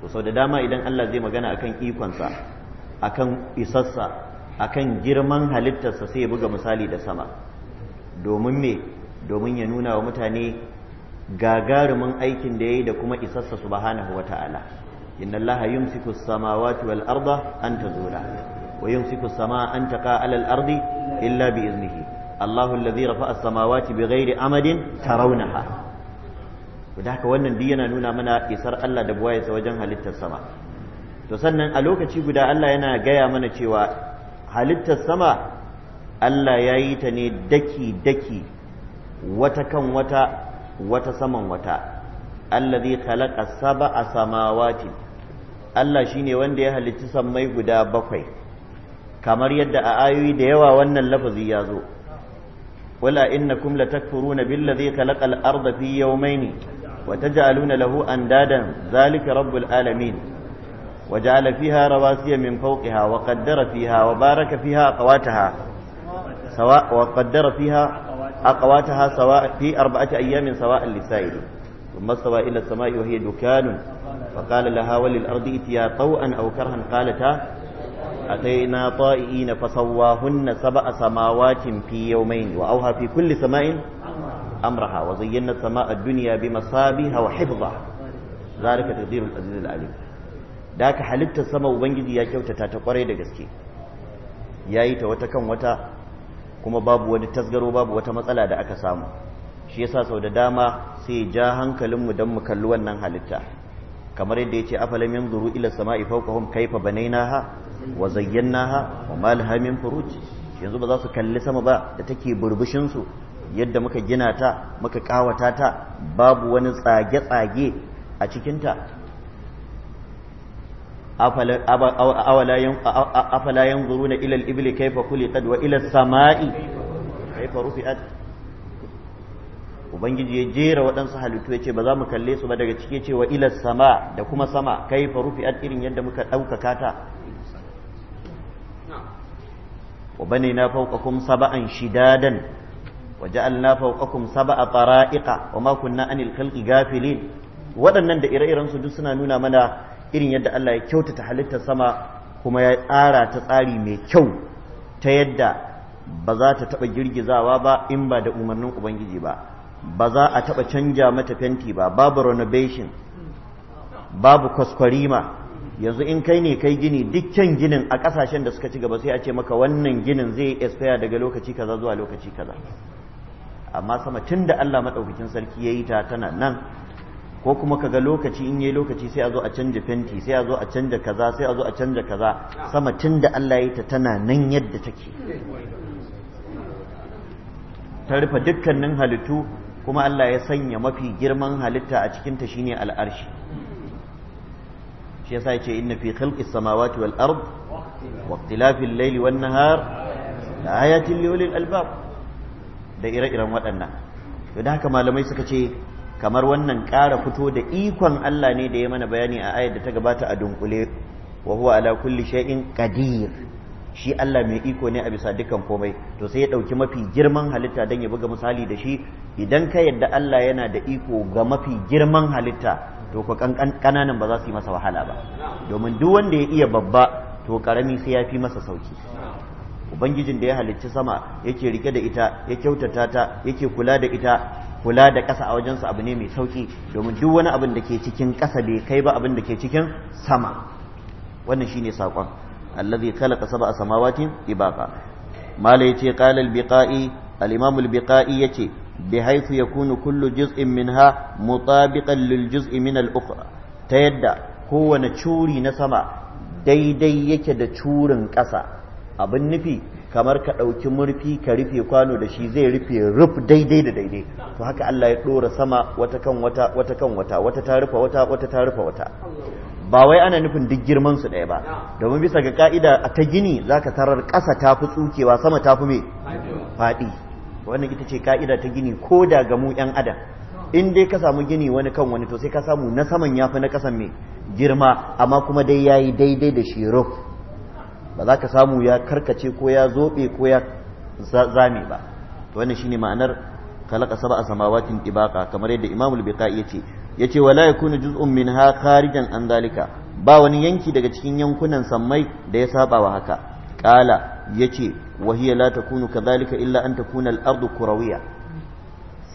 to sau da dama idan Allah zai magana akan ikonsa akan isassa akan girman halittarsa sai ya buga misali da sama domin me domin ya nuna wa mutane gagarumin aikin da ya yi da kuma isassa subhanahu wa ta'ala inna allaha yumsiku samawati wal arda an tazula wa yumsiku sama an taqa ala ardi illa bi iznihi allahu alladhi rafa'a as samawati bighairi amadin tarawnaha da haka wannan duk yana nuna mana isar Allah da buwayarsa wajen halittar sama to sannan a lokaci guda Allah yana gaya mana cewa halittar sama Allah ya yi ta ne daki-daki wata kan wata wata saman wata allazi khalaqa sab'a samawati Allah shine wanda ya halicci sammai guda bakwai kamar yadda a ayoyi da yawa wannan lafazi ya zo wala innakum latakfuruna billazi khalaqal arda fi yawmayn wa taj'aluna lahu andadan zalika rabbul alamin وجعل فيها رواسي من فوقها وقدر فيها وبارك فيها أقواتها سواء وقدر فيها أقواتها سواء في أربعة أيام سواء للسائل ثم استوى إلى السماء وهي دكان فقال لها وللأرض ائتيا طوءا أو كرها قالتا أتينا طائئين فسواهن سبع سماوات في يومين وأوها في كل سماء أمرها وزينا السماء الدنيا بمصابها وحفظها ذلك تقدير العزيز العليم ذاك حلبت السماء وبنجدي يا كوتة تقري دقسكي يا إيتا وتكم وتا kuma babu wani tasgaro babu wata matsala da aka samu shi yasa sau da dama sai ja hankalinmu don mu kalli wannan halitta kamar yadda yace afalam yanzuru ila sama'i fawqahum kayfa banaynaha wa zayyanaha wa ma laha min furuj yanzu ba za su kalli sama ba da take burbushin su yadda muka gina ta muka kawata ta babu wani tsage tsage a cikin ta afala yanzuruna ila al-ibli kayfa khuliqat wa ila samai kayfa rufi'at ubangiji ya jera waɗansu halittu ya ce ba za mu kalle su ba daga cike ce wa ila sama da kuma sama kayfa rufi'at irin yadda muka ɗaukaka ta wa banina fawqakum sab'an shidadan wa ja'alna wa anil waɗannan da ire-iren duk suna nuna mana irin yadda Allah ya kyautata halittar sama kuma ya tsara ta tsari mai kyau ta yadda ba za ta taɓa girgizawa ba in ba da umarnin ubangiji ba ba za a taɓa canja mata fenti ba babu renovation babu kwaskwarima yanzu in kai ne kai gini dukkan ginin a ƙasashen da suka ci gaba sai a ce maka wannan ginin zai expire daga lokaci kaza zuwa lokaci kaza amma sama tun da Allah maɗaukakin sarki ya yi ta tana nan ko kuma kaga lokaci in yayi lokaci sai a zo a canja fenti sai a zo a canja kaza sai a zo a canja kaza sama da Allah ya ta tana nan yadda take ta rufe dukkanin halittu kuma Allah ya sanya mafi girman halitta a cikin ta shine al'arshi shi yasa yace inna fi khalqis samawati wal ard wa ikhtilafil layli wan nahar ayatin li ulil albab da ire-iren waɗannan to da haka malamai suka ce kamar wannan ƙara fito da ikon Allah ne da ya mana bayani a ayar da ta gabata a dunkule wa huwa ala kulli shay'in qadir shi Allah mai iko ne a bisa dukan komai to sai ya ɗauki mafi girman halitta dan ya buga misali da shi idan ka yadda Allah yana da iko ga mafi girman halitta to ku kananan ba za su yi masa wahala ba domin duk wanda ya iya babba to karami sai ya fi masa sauki ubangijin da ya halicci sama yake rike da ita ya kyautata ta yake kula da ita kula da ƙasa a wajensu abu ne mai sauƙi domin duk wani abin da ke cikin ƙasa bai kai ba abin da ke cikin sama wannan shine saƙon allazi khalaqa sab'a samawati ibaqa mala yace qala al-biqai al-imam al-biqai yace bihaythu yakunu kullu juz'in minha mutabiqan lil juz'i min al-ukhra ta yadda kowane curi na sama daidai yake da curin ƙasa abin nufi kamar ka ɗauki murfi ka rufe kwano da shi zai rufe ruf daidai da daidai to haka Allah ya ɗora sama wata kan wata wata kan wata wata ta rufe wata wata ta rufe wata ba wai ana nufin duk girman su ɗaya ba domin bisa ga ka'ida a ta gini zaka tarar ƙasa ta fi tsukewa sama ta fi me faɗi wannan ita ce ka'ida ta gini ko da ga mu 'yan adam in dai ka samu gini wani kan wani to sai ka samu na saman yafi na ƙasan mai girma amma kuma dai yayi daidai da shi ruf ba za ka samu ya karkace ko ya zobe ko ya zame ba to wannan shine ma'anar khalaqa sab'a samawatin ibaqa kamar yadda Imam al-Biqai yace yace wala yakunu juz'un minha kharijan an dalika? ba wani yanki daga cikin yankunan sammai da ya saba wa haka qala yace wa hiya la takunu kadhalika illa an takuna al-ardu kurawiya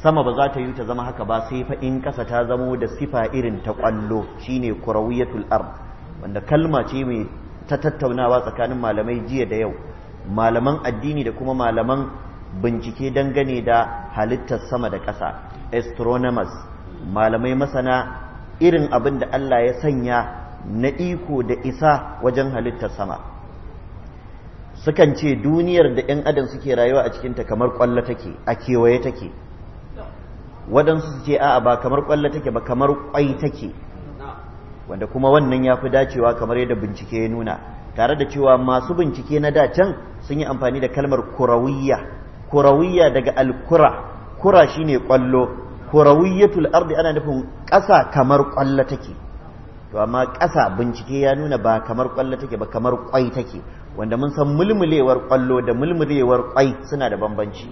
sama ba za ta yi ta zama haka ba sai fa in kasa ta zamo da sifa irin ta kwallo shine kurawiyatul ard wanda kalma ce mai ta tattaunawa tsakanin malamai jiya da yau malaman addini da kuma malaman bincike dangane da halittar sama da ƙasa astronomers malamai masana irin abin da Allah ya sanya na iko da isa wajen halittar sama sukan ce duniyar da 'yan adam suke rayuwa a cikinta kamar kwallo take a kewaye take waɗansu su ce a'a ba kamar kwallo take ba kamar kwai take wanda kuma wannan ya fi dacewa kamar yadda bincike ya nuna tare da cewa masu bincike na dacen sun yi amfani da kalmar kurawiyya kurawiyya daga alkura kura shine kwallo kurawiyyatul ardi ana nufin ƙasa kamar kwallo take to amma ƙasa bincike ya nuna ba kamar kwallo take ba kamar kwai take wanda mun san mulmulewar kwallo da mulmulewar kwai suna da bambanci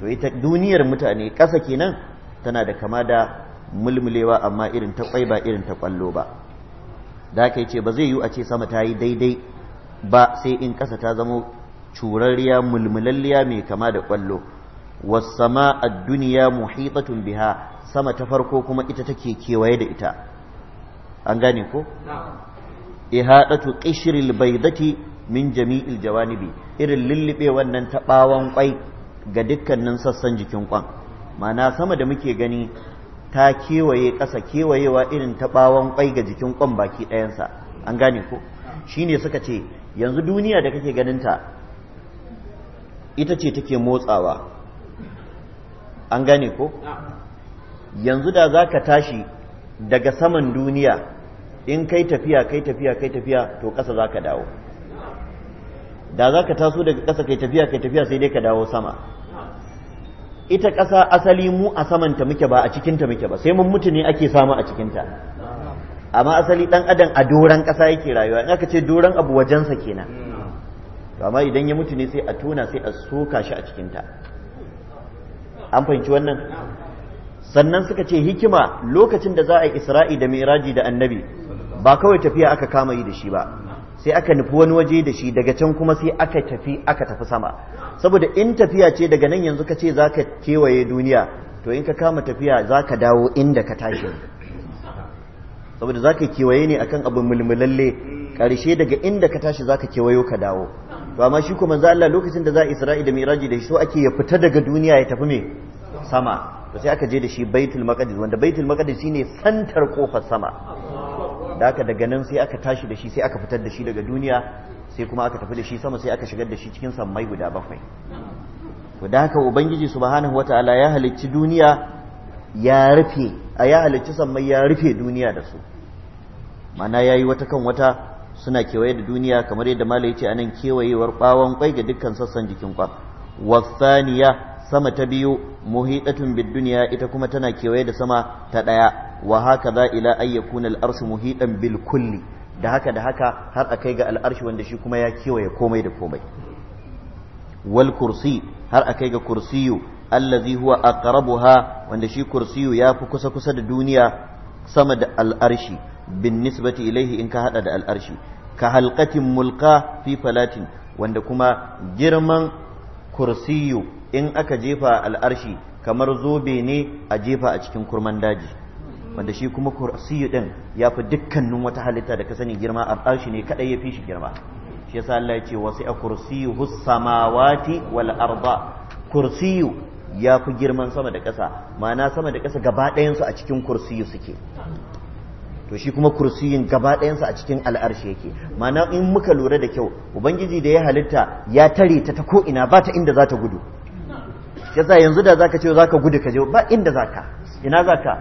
to ita duniyar mutane ƙasa kenan tana da kama da mulmulewa amma irin ta kwai ba irin ta kwallo ba da aka ce ba zai yiwu a ce sama ta yi daidai ba sai in ƙasa ta zama curarriya mulmulalliya mai kama da ƙwallo wasama a duniya muhitatun biha sama ta farko kuma ita take kewaye da ita an gane ko ihadatu qishril baydati min jami'il jawanibi irin lullube wannan ta ƙwai kwai ga dukkanin sassan jikin kwan ma'ana sama da muke gani ta kewaye ƙasa kewayewa irin ta ɓawon ƙwai ga jikin ƙwan baki ɗayansa an gane ko Shi ne suka ce yanzu duniya da kake ganinta ita ce take motsawa an gane ko yanzu da za ka tashi daga saman duniya in kai tafiya kai tafiya kai tafiya to ƙasa za ka dawo da za ka taso daga ƙasa kai tafiya kai tafiya sai dai ka dawo sama ita ƙasa asali mu a samanta muke ba a cikinta muke ba sai mun mutu ne ake samu a cikinta amma asali ɗan adam a doran ƙasa yake rayuwa in aka ce doron abu wajensa kenan to amma idan ya mutu ne sai a tona sai a soka shi a cikinta an fahimci wannan sannan suka ce hikima lokacin da za a yi isra'i da miraji da annabi ba kawai tafiya aka kama yi da shi ba sai aka nufi wani waje da shi daga can kuma sai aka tafi aka tafi sama saboda in tafiya ce daga nan yanzu ka ce za ka kewaye duniya to in ka kama tafiya za ka dawo inda ka tashi saboda za ka kewaye ne akan abu mulmulalle ƙarshe daga inda ka tashi za ka kewayo ka dawo to amma shi kuma za Allah lokacin da za isra'i da miraji da shi so ake ya fita daga duniya ya tafi me sama to sai aka je da shi baitul maqdis wanda baitul maqdis shine santar kofar sama da aka daga nan sai aka tashi da shi sai aka fitar da shi daga duniya sai kuma aka tafi da shi sama sai aka shigar da shi cikin sammai guda bakwai to da haka ubangiji subhanahu wataala ya halicci duniya ya rufe a ya halicci sammai ya rufe duniya da su mana yayi wata kan wata suna kewaye da duniya kamar yadda malai ce anan kewayewar bawon kwai ga dukkan sassan jikin kwa wasaniya sama ta biyu muhidatun bidduniya ita kuma tana kewaye da sama ta ɗaya wa hakaza ila ay yakuna al arshu muhitan bil kulli da haka da haka har akai ga al'arshi wanda shi kuma ya kewaye komai da komai wal kursi har akai ga kursiyu allazi huwa aqrabuha wanda shi kursiyu ya fi kusa kusa da duniya sama da al'arshi arshi bin nisbati ilaihi in ka hada da al'arshi ka halqatin mulqa fi falatin wanda kuma girman kursiyu in aka jefa al'arshi kamar zobe ne a jefa a cikin kurman daji wanda shi kuma kursiyu din ya fi dukkanin wata halitta da ka sani girma al'arshi ne kaɗai ya fi shi girma shi yasa Allah ya ce wasu a kursiyu samawati wal arba kursiyu ya fi girman sama da ƙasa ma'ana sama da ƙasa gaba ɗayansu a cikin kursiyu suke to shi kuma kursiyin gaba ɗayansu a cikin al'arshi yake mana in muka lura da kyau ubangiji da ya halitta ya tare ta ta ko'ina ba ta inda za ta gudu yasa yanzu da zaka ce zaka gudu ka je ba inda zaka ina zaka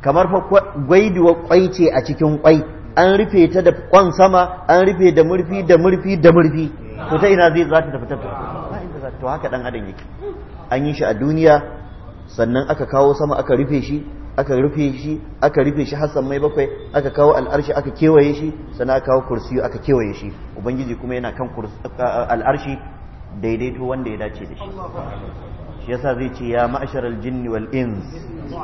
kamar fa gwaiduwa kwai ce a cikin kwai an rufe ta da kwan sama an rufe da murfi da murfi da murfi to ta ina zai zaka tafi ta ba inda za to haka dan adam yake an yi shi a duniya sannan aka kawo sama aka rufe shi aka rufe shi aka rufe shi hassan mai bakwai aka kawo al'arshi aka kewaye shi sannan aka kawo kursiyu aka kewaye shi ubangiji kuma yana kan al'arshi daidaito wanda ya dace da shi shi yasa zai ce ya ma'ashar aljinni wal ins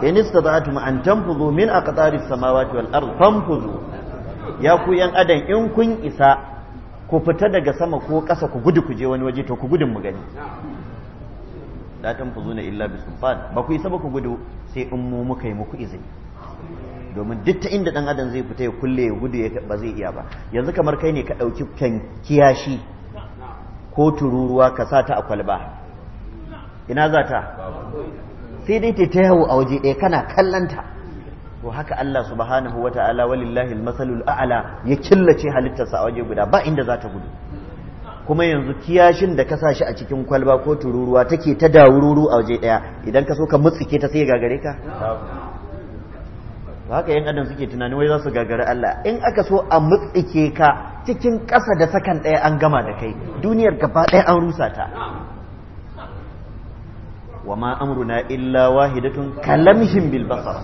in istata'tum an tanfuzu min aqtaris samawati wal ard fanfuzu ya ku yan adam in kun isa ku fita daga sama ko ƙasa ku gudu ku je wani waje to ku gudun mu gani la na illa bi ba ku isa ba ku gudu sai in mu muka yi muku izini domin duk ta inda dan adam zai fita ya kulle ya gudu ba zai iya ba yanzu kamar kai ne ka ɗauki kiyashi ko tururuwa ka sa ta a kwalba ina za ta sai dai ta ta yawo a waje ɗaya kana kallanta to haka Allah subhanahu wa ta'ala walillahi masalul a'la ya killace halittarsa a waje guda ba inda za ta gudu kuma yanzu kiyashin da ka sa shi a cikin kwalba ko tururuwa take ta dawururu a waje ɗaya idan ka so ka mutsike ta sai ya gagare ka haka yan adam suke tunani wai za su gagari Allah in aka so a mutsike ka cikin ƙasa da sakan ɗaya an gama da kai duniyar gaba ɗaya an rusa ta wa ma amruna illa wahidatun kalamhim bil basar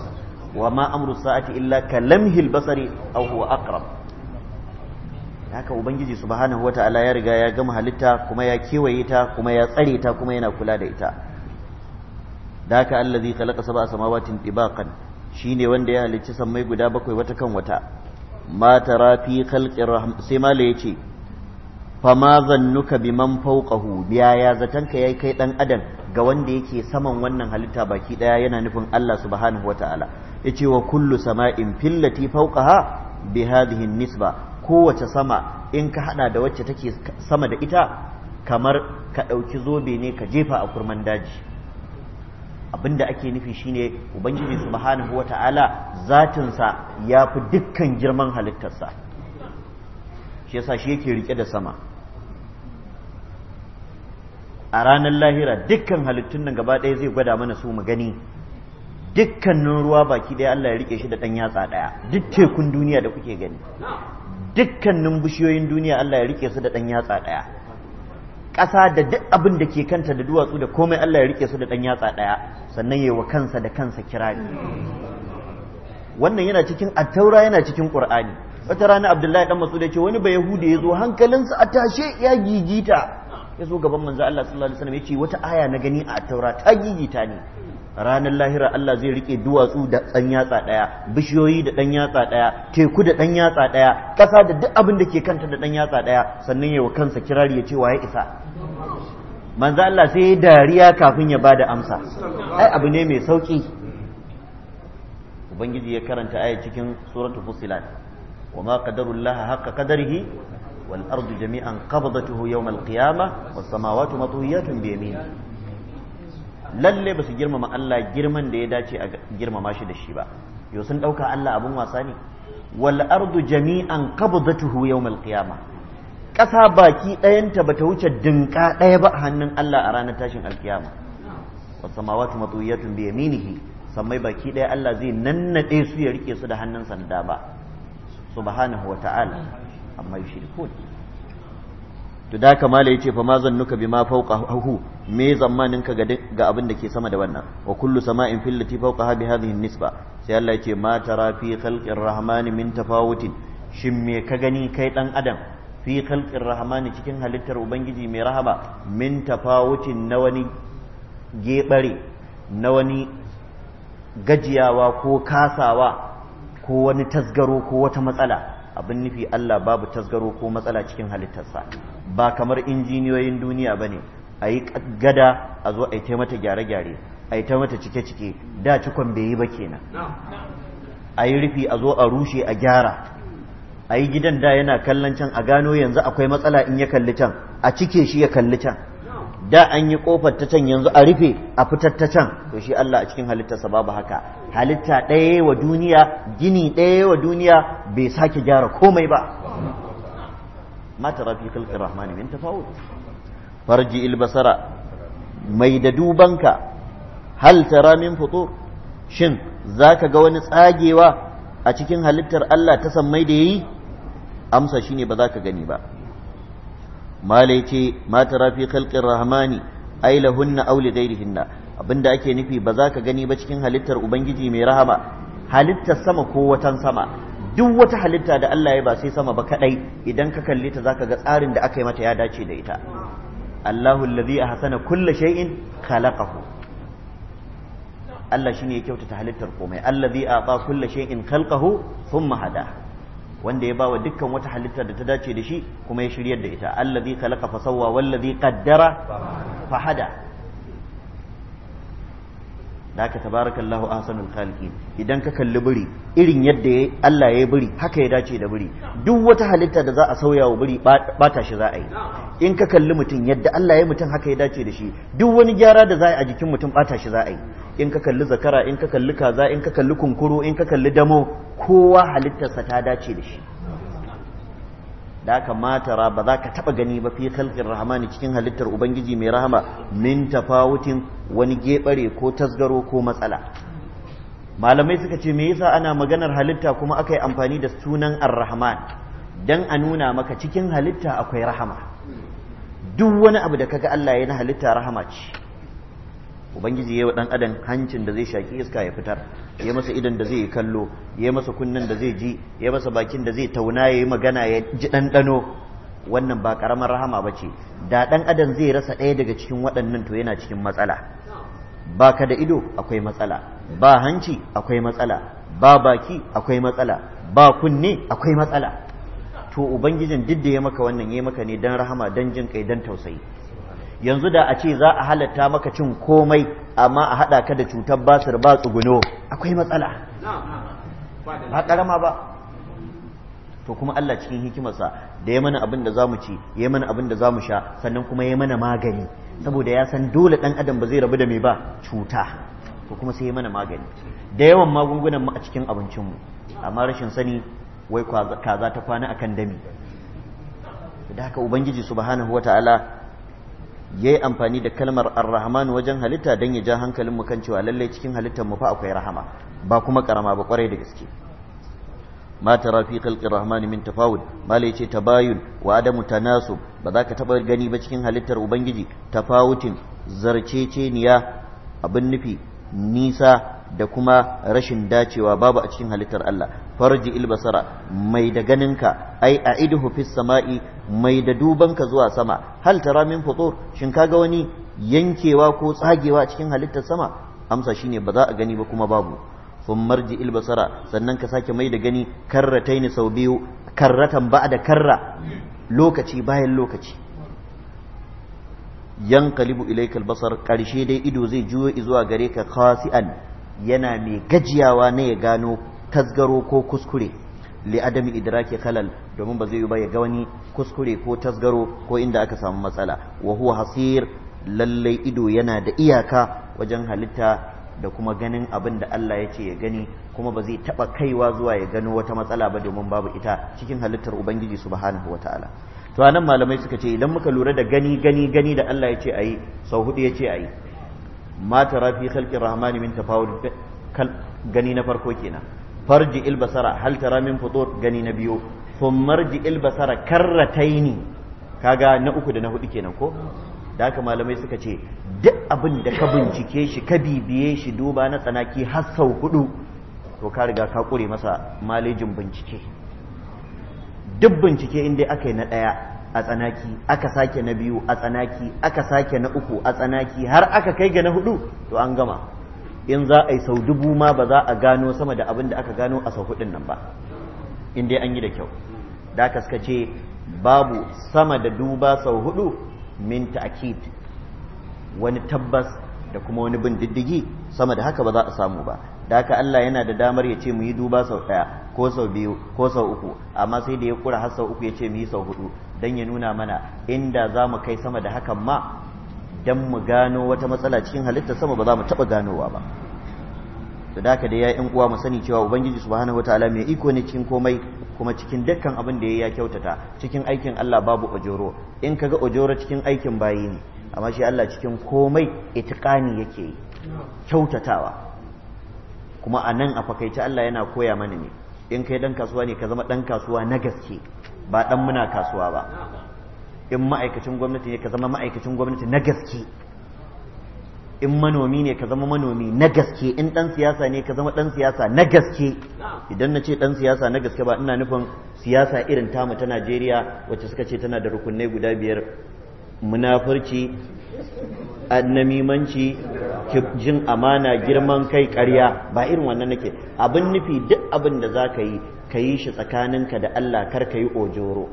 wa ma amru sa'ati illa kalamhil basari aw huwa aqrab haka ubangiji subhanahu wata'ala ya riga ya gama halitta kuma ya kewaye ta kuma ya tsare ta kuma yana kula da ita da haka allazi khalaqa sab'a samawatin tibaqan shine wanda ya halicci sammai guda bakwai wata kan wata ma tara fi khalqir rahman sai mala yace ma zannuka biman fawqahu zatan ka yayi kai dan adam ga wanda yake saman wannan halitta baki daya yana nufin Allah subhanahu wataala yace wa kullu sama'in lati fawqaha bi hadhihi nisba kowace sama in ka hada da wacce take sama da ita kamar ka dauki zobe ne ka jefa a kurman daji abinda ake nufi shine ubangiji subhanahu wata'ala zatinsa ya fi dukkan girman halittarsa shi yasa shi yake rike da sama a ranar lahira dukkan halittun nan gaba ɗaya zai gwada mana su mu gani dukkanin ruwa baki ɗaya Allah ya rike shi da ɗan yatsa ɗaya duk tekun duniya da kuke gani dukkanin bishiyoyin duniya Allah ya rike su da ɗan yatsa ɗaya ƙasa da duk abin da ke kanta da duwatsu da komai Allah ya rike su da ɗan yatsa ɗaya sannan ya wa kansa da kansa kirari wannan yana cikin attaura yana cikin ƙur'ani wata rana abdullahi dan masu da wani bayahudi ya zo hankalinsa a tashe ya gigita ya zo gaban manzo Allah sallallahu alaihi wasallam ya ce wata aya na gani a attaura ta gigita ne ranar lahira Allah zai rike duwatsu da ɗan yatsa ɗaya bishiyoyi da ɗan yatsa ɗaya teku da ɗan yatsa ɗaya ƙasa da duk abin da ke kanta da ɗan yatsa ɗaya sannan ya kansa kirari ya ce wa ya isa manzo Allah sai dariya kafin ya bada amsa ai abu ne mai sauki ubangiji ya karanta aya cikin suratul fusilat wama qadarullaha haqqa qadarihi wal ardu jami'an qabdatuhu yawm al qiyamah was samawati matwiyatun bi lalle ba su girmama Allah girman da ya dace a girmama shi da shi ba yau sun ɗauka Allah abin wasa ne wal ardu jami'an qabdatuhu yawmal qiyamah ƙasa baki ɗayanta ba ta wuce dinka ɗaya ba a hannun Allah a ranar tashin alkiyama wasu samawati matuyatun bi yaminihi sammai baki ɗaya Allah zai nannade su ya rike su da hannun sanda ba subhanahu wa ta'ala amma yushrikun to da kamala yace fa ma zannuka bima fawqa hu me zamanin ka ga abin da ke sama da wannan wa kullu sama'in fil lati fawqa bi hadhihi nisba sai Allah ya ce ma tara fi khalqir rahmani min tafawutin shin me ka gani kai dan adam fi khalqir rahmani cikin halittar ubangiji mai rahama min tafawutin na wani gebare na wani gajiyawa ko kasawa ko wani tasgaro ko wata matsala abin nufi Allah babu tasgaro ko matsala cikin halittarsa ba kamar injiniyoyin duniya bane. a yi gada a zo a yi taimata gyare-gyare a yi taimata cike-cike da cikon bai yi ba kenan a yi rufi a zo a rushe a gyara a yi gidan da yana kallon can a gano yanzu akwai matsala in ya kalli can a cike shi ya kalli can da an yi kofar ta can yanzu a rufe a fitar ta can to shi Allah a cikin halittarsa babu haka halitta ɗaya wa duniya gini ɗaya wa duniya bai sake gyara komai ba mata rafi kalkar rahmani min tafawut farji ilbasara mai da dubanka hal tara min futur shin zaka ga wani tsagewa a cikin halittar Allah ta mai da yayi amsa shine ba za ka gani ba malai ce ma tara fi khalqir rahmani ay lahunna aw li ghayrihinna abinda ake nufi ba za gani ba cikin halittar ubangiji mai rahama halittar sama ko watan sama duk wata halitta da Allah ya ba sai sama ba kadai idan ka kalle ta zaka ga tsarin da aka yi mata ya dace da ita Allahu alladhi ahsana kulla shay'in khalaqahu Allah shine ya kyautata halittar komai alladhi ata kulla shay'in khalqahu thumma hada wanda ya bawa dukkan wata halittar da ta dace da shi kuma ya shiryar da ita alladhi khalaqa fa sawwa da aka tabarakallahu ahsanul khaliqin idan ka kalli biri irin yadda Allah ya yi biri haka ya dace da biri duk wata halitta da za a sauya wa biri ta shi za a yi in ka kalli mutum yadda Allah ya yi mutum haka ya dace da shi duk wani gyara da za a yi a jikin mutum ba ta shi za a yi in ka kalli zakara in ka kalli kaza in ka kalli kunkuru in ka kalli damo kowa halittarsa ta dace da shi da aka matara ba za ka taɓa gani ba fi khalqir rahmani cikin halittar ubangiji mai rahama min tafawutin wani gebare ko tasgaro ko matsala malamai suka ce me yasa ana maganar halitta kuma aka yi amfani da sunan ar-rahman dan a nuna maka cikin halitta akwai rahama duk wani abu da kaga Allah ya na halitta rahama ce ubangiji yayi wa dan adam hancin da zai shaƙi iska ya fitar ya masa idan da zai yi kallo ya masa kunnen da zai ji ya masa bakin da zai tauna ya yi magana ya ji ɗanɗano. wannan ba ƙaramar rahama ba ce, da ɗan adam zai rasa ɗaya daga cikin waɗannan to yana cikin matsala ba ka da ido akwai matsala ba hanci akwai matsala ba baki akwai matsala ba kunne akwai matsala to ubangijin duk da ya maka wannan ya maka ne don rahama don jin kai dan tausayi yanzu da a ce za a halatta maka cin komai amma a haɗa ka da cutar basir ba tsuguno akwai matsala ba ƙarama ba to kuma Allah cikin hikimarsa da ya mana abin da za mu ci ya mana abin da za mu sha sannan kuma ya mana magani saboda ya san dole ɗan adam ba zai rabu da mai ba cuta to kuma sai ya mana magani da yawan magungunan mu a cikin abincinmu amma rashin sani wai kaza ta kwana akan dami da haka ubangiji subhanahu wataala ya yi amfani da kalmar al rahman wajen halitta don ya ja hankalin mu kan cewa lallai cikin halittar mu fa akwai rahama ba kuma karama ba kwarai da gaske ma tara fi khalqir rahman min tafawud malai ce tabayun wa adamu tanasub ba za ka taba gani ba cikin halittar ubangiji tafawutin zarceceniya abin nufi nisa da kuma rashin dacewa babu a cikin halittar Allah farji ilbasara mai da ganinka ai a idhu fis sama'i mai da duban ka zuwa sama hal tara min futur shin kaga wani yankewa ko tsagewa a cikin halittar sama amsa shine ba za a gani ba kuma babu sun marji ilbasara sannan ka sake mai da gani karrataini sau biyu karratan ba da karra lokaci bayan lokaci yan kalibu ilaikal basar karshe dai ido zai juyo zuwa gare ka khasi'an yana mai gajiyawa na ya gano tasgaro ko kuskure li adami idraki kalal domin ba zai yi ba ya ga wani kuskure ko tasgaro ko inda aka samu matsala wa huwa hasir lalle ido yana da iyaka wajen halitta da kuma ganin abin da Allah ya ce ya gani kuma ba zai taba kaiwa zuwa ya gano wata matsala ba domin babu ita cikin halittar ubangiji subhanahu wataala to anan malamai suka ce idan muka lura da gani gani gani da Allah ya ce ayi sau hudu ya ce ayi mata rafi fi rahmani min tafawud gani na farko kenan farji ilbasara hal tara min futur gani na biyu thumma marji ilbasara karrataini kaga na uku da na hudu kenan ko da haka malamai suka ce duk abin da ka bincike shi ka bibiye shi duba na tsanaki har sau hudu to ka riga ka kure masa malejin bincike duk bincike inda aka yi na ɗaya a tsanaki aka sake na biyu a tsanaki aka sake na uku a tsanaki har aka kai ga na hudu to an gama in za a yi sau dubu ma ba za a gano sama da abin da aka gano a sau hudun nan ba in dai an yi da kyau da suka ce babu sama da duba sau hudu min kit wani tabbas da kuma wani bin diddigi sama da haka ba za a samu ba da haka Allah yana da damar ya ce mu yi duba sau ɗaya ko sau biyu ko sau uku amma sai da ya kura har sau uku ya ce mu yi sau hudu don ya nuna mana inda za mu kai sama da hakan ma don mu gano wata matsala cikin halitta sama ba za mu taɓa ganowa ba to da haka da ya yi uwa mu sani cewa ubangiji subhanahu wataala mai iko ne cikin komai kuma cikin dukkan abin da ya ya kyautata cikin aikin Allah babu ojoro in ka ga ojoro cikin aikin bayi ne amma shi Allah cikin komai itiqani yake kyautatawa kuma a nan a fakaita Allah yana koya mana ne in kai dan kasuwa ne ka zama ɗan kasuwa na gaske ba dan muna kasuwa ba in ma'aikacin gwamnati ne ka zama ma'aikacin gwamnati na gaske in manomi ne ka zama manomi na gaske in dan siyasa ne ka zama dan siyasa na gaske idan na ce dan siyasa na gaske ba ina nufin siyasa irin tamu ta Najeriya wacce suka ce tana da rukunai guda biyar munafurci annamimanci jin amana girman kai karya ba irin wannan nake abin nufi duk abin da za ka yi ka yi shi tsakaninka da Allah kar ka yi ojoro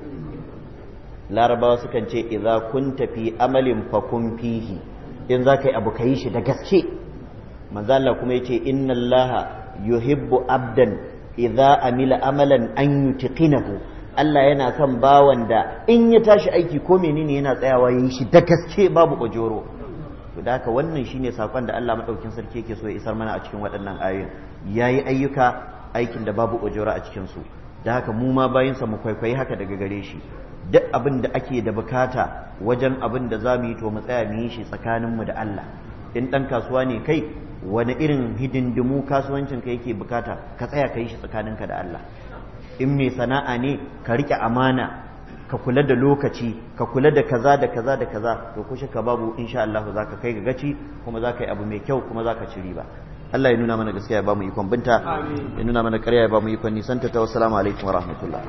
larabawa sukan ce iza kun tafi amalin fakun fihi in za ka yi abu ka yi shi da gaske manzo Allah kuma yace inna Allaha yuhibbu abdan iza amila amalan an yutiqinahu Allah yana son bawan da in ya tashi aiki ko menene yana tsayawa yi shi da gaske babu ojoro to da haka wannan shine sakon da Allah madaukin sarki yake so ya isar mana a cikin waɗannan ayoyin yayi ayyuka aikin da babu ujura a cikin su da haka mu ma sa mu kwaikwayi haka daga gare shi duk abin da ake da bukata wajen abin da za mu yi to mu tsaya mu yi shi tsakanin mu da Allah in dan kasuwa ne kai wani irin hidindimu kasuwancinka yake bukata ka tsaya ka yi shi tsakaninka da Allah in mai sana'a ne ka rike amana ka kula da lokaci ka kula da kaza da kaza da kaza to kushe ka babu insha Allah zaka kai ga gaci kuma zaka yi abu mai kyau kuma zaka ka ci riba Allah ya nuna mana gaskiya ya ba mu ikon binta ya nuna mana ƙarya ya ba mu ikon nisanta ta Salamu alaikum wa rahmatullah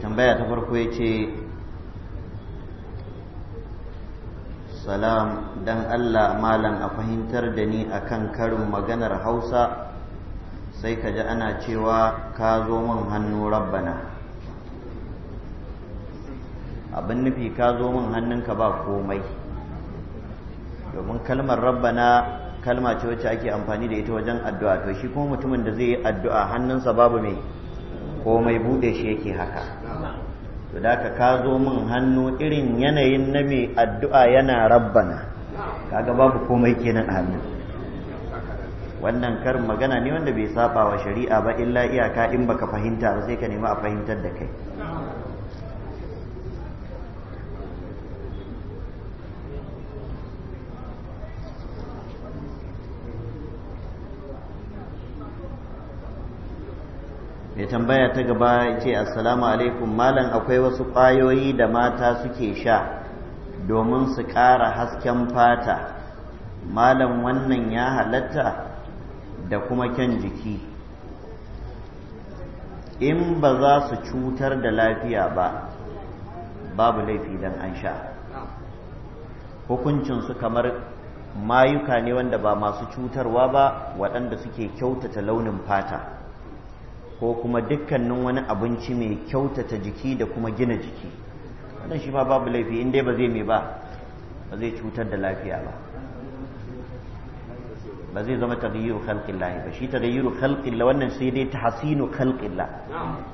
tambaya ta farko ya ce salam don Allah malam a fahimtar da ni akan karin maganar hausa sai ka ji ana cewa ka zo min hannu rabbana abin nufi ka zo min hannunka ba komai domin kalmar rabbana kalma ce wacce ake amfani da ita wajen addu'a to shi kuma mutumin da zai yi addu'a hannunsa babu mai komai bude shi yake haka to da ka ka zo min hannu irin yanayin na mai addu'a yana rabbana kaga babu komai kenan a hannu wannan karin magana ne wanda bai saba wa shari'a ba illa iyaka in baka fahimta ba sai ka nemi a fahimtar da kai ya tambaya ta gaba ya ce assalamu alaikum malam akwai wasu ƙwayoyi da mata suke sha domin su ƙara hasken fata malam wannan ya halatta da kuma kyan jiki in ba za su cutar da lafiya ba babu laifi don an sha hukuncinsu kamar mayuka ne wanda ba masu cutarwa ba waɗanda suke kyautata launin fata ko kuma dukkanin wani abinci mai kyautata jiki da kuma gina jiki wannan shi ma babu laifi in dai ba zai mai ba ba zai cutar da lafiya ba ba zai zama taghayyiru khalqillah ba shi taghayyiru khalqillah wannan sai dai tahsinu khalqillah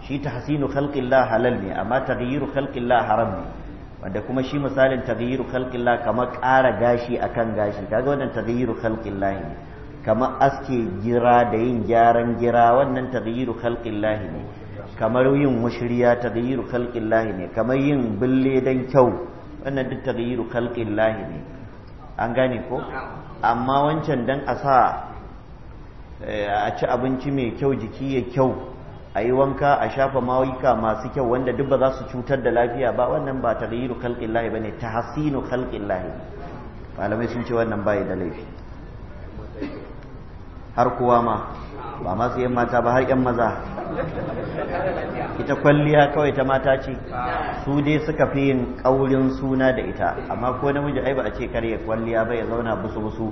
shi tahsinu khalqillah halal ne amma taghayyiru khalqillah haram ne wanda kuma shi misalin taghayyiru khalqillah kamar ƙara gashi akan gashi kaga wannan taghayyiru khalqillah ne kamar aske gira da yin gyaran gira wannan taghyiru lahi ne kamar yin mushriya taghyiru lahi ne kamar yin bille dan kyau wannan duk taghyiru lahi ne an gane ko amma wancan dan a sa eh, a ci abinci mai kyau jiki ya kyau a yi wanka a shafa mawuka masu kyau wanda duk ba za su cutar da lafiya ba wannan ba taghyiru lahi bane tahsinu lahi. malamai sun ce wannan bai da laifi har kowa ma ba masu yan mata ba har yan maza ita kwalliya kawai ta mata ce su dai suka fi yin ƙaurin suna da ita amma ko namiji ai ba a ce karya kwalliya ba ya zauna busu busu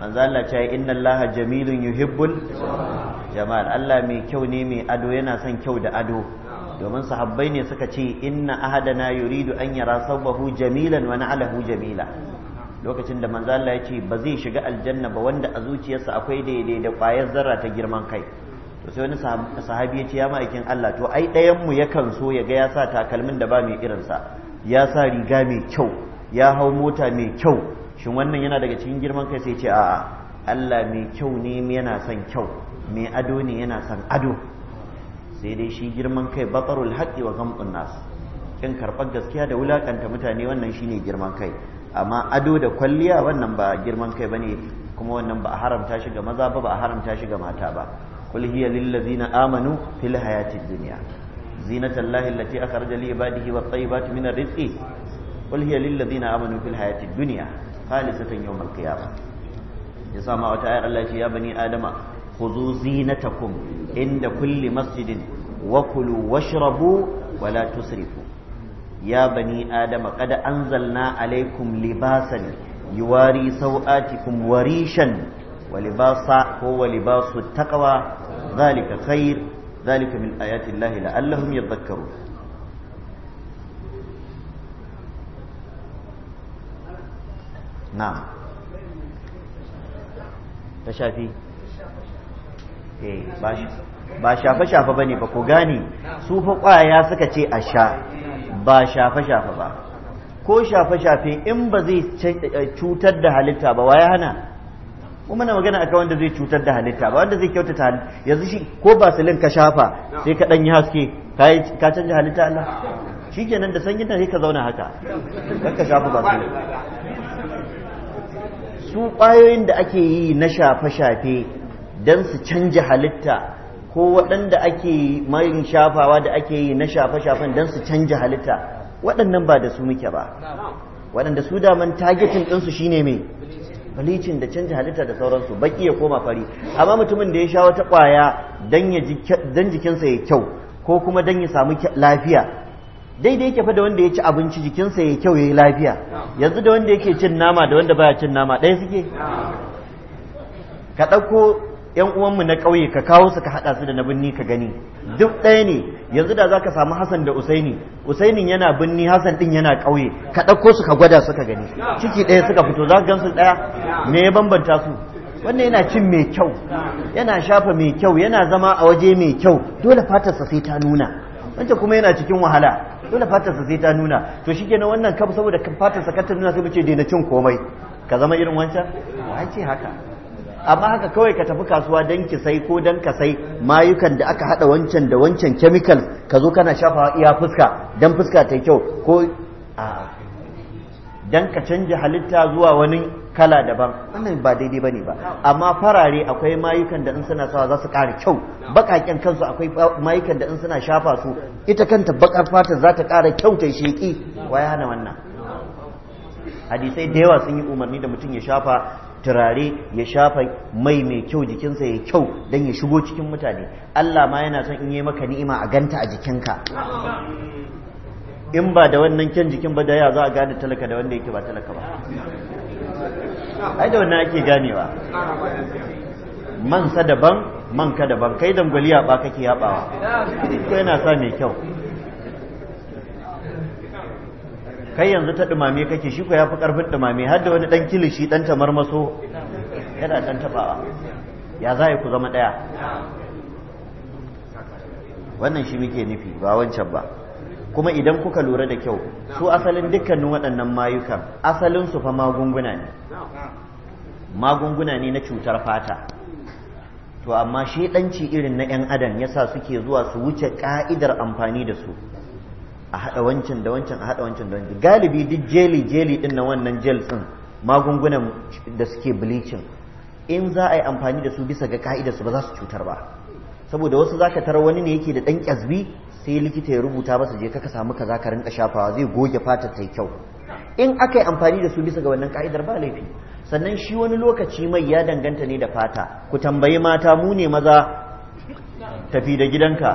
manzo Allah ce inna Allaha jamilun yuhibbul jamal Allah mai kyau ne mai ado yana son kyau da ado domin sahabbai ne suka ce inna ahadana yuridu an yara sawbahu jamilan wa na'alahu jamila lokacin da manzo Allah ya ce ba zai shiga aljanna ba wanda a zuciyarsa akwai daidai da kwayar zarra ta girman kai to sai wani sahabi ya ce ya ma'aikin Allah to ai ɗayan mu yakan so ya ga ya sa takalmin da ba mai irin sa ya sa riga mai kyau ya hau mota mai kyau shin wannan yana daga cikin girman kai sai ce a Allah mai kyau ne yana son kyau mai ado ne yana son ado sai dai shi girman kai batarul haqqi wa gamtun nas kin karɓar gaskiya da wulakanta mutane wannan shine girman kai amma ado da kwalliya wannan ba girman kai bane kuma wannan ba a haramta shi ga maza ba ba a haramta shi ga mata ba qul hiya lil ladzina amanu fil hayati dunya zinatan lahi allati akhraja li ibadihi wat tayyibati min ar-rizqi qul hiya lil ladzina amanu fil hayatid dunya khalisatan yawm al-qiyamah yasa ma wata ayar Allah ce ya bani adama khudhu zinatakum inda kulli masjidin wa kulu washrabu wa la tusrifu ya bani adama qad anzalna alaikum libasan yuwari sau'atikum warishan wa libasa ko wa libasu taqwa zalika khair zalika min ayati llahi la'allahum yadhakkarun na'am ta shafi eh ba shafe-shafe ba ba ku gane su suka ce a sha ba shafe-shafe ba ko shafe-shafe in ba zai eh, cutar da halitta ba ya hana kuma na magana akan wanda zai cutar da halitta ba wanda zai kyautata halitta yanzu shi ko basilin ka shafa sai ka ɗanyi haske ka canja halitta Allah shi kenan da sanyin da sai ka zauna haka kan ka shafa basilin su ƙwayoyin da ake yi na shafe-shafe don su canja halitta ko waɗanda ake mayin shafawa da ake yi na shafe-shafen don su canja halitta waɗannan ba da su muke ba waɗanda su daman targetin ɗinsu ne mai balicin da canja halitta da sauransu baki ya koma fari amma mutumin da ya sha wata ƙwaya don jikinsa ya kyau ko kuma don ya samu lafiya daidai yake fa da wanda ya ci abinci jikinsa ya kyau ya yi lafiya yanzu da wanda yake cin nama da wanda baya cin nama ɗaya suke ka ɗauko yan uwanmu na ƙauye ka kawo su ka haɗa su da na binni ka gani duk ɗaya ne yanzu da za ka samu Hassan da Usaini Usainin yana binni Hassan ɗin yana ƙauye ka ɗauko su ka gwada su ka gani ciki ɗaya suka fito za ka gan su ɗaya me ya bambanta su wannan yana cin mai kyau yana shafa mai kyau yana zama a waje mai kyau dole fatarsa sai ta nuna wancan kuma yana cikin wahala dole fatarsa sai ta nuna to kenan wannan kam saboda fatarsa sa ta nuna sai mu ce daina cin komai ka zama irin wancan wace haka amma haka kawai ka tafi kasuwa don ki sai ko don ka sai mayukan da aka hada wancan da wancan chemical ka zo kana shafa iya fuska don fuska ta kyau ko a don ka canja halitta zuwa wani kala daban wannan ba daidai ba ne ba amma farare akwai mayukan da in suna sawa za su ƙara kyau baƙaƙen kansu akwai mayukan da in suna shafa su ita kanta baƙar fatar za ta ƙara kyau ta sheƙi ya hana wannan hadisai da yawa sun yi umarni da mutum ya shafa turare ya shafa mai mai kyau jikinsa ya kyau don ya shigo cikin mutane Allah ma yana son in yi maka ni'ima a ganta a jikinka in ba da wannan kyan jikin ba da ya za a gane talaka da wanda yake ba talaka ba ai da wannan ake ganewa man sa daban man ka daban kai ya ba kake yabawa ko yana sa mai kyau kai yanzu ta dumame kake shi ko yafi karfin dumame har da wani dan kilishi dan maso yana dan tabawa ya za ku zama daya wannan shi muke nufi ba wancan ba kuma idan kuka lura da kyau su asalin dukkanin waɗannan mayukan asalin su fa magunguna ne magunguna ne na cutar fata to amma shi danci irin na 'yan adam yasa suke zuwa su wuce ka'idar amfani da su a haɗa wancan da wancan a haɗa wancan da wancan galibi duk jeli jeli din na wannan jel din, magungunan da suke bleaching in za a yi amfani da su bisa ga ka'idar su ba za su cutar ba saboda wasu zaka tara wani ne yake da ɗan ƙyazbi sai likita ya rubuta masa je ka samu kaza ka rinka shafawa zai goge fata ta kyau in aka yi amfani da su bisa ga wannan ka'idar ba laifi sannan shi wani lokaci mai ya danganta ne da fata ku tambayi mata mu ne maza tafi da gidanka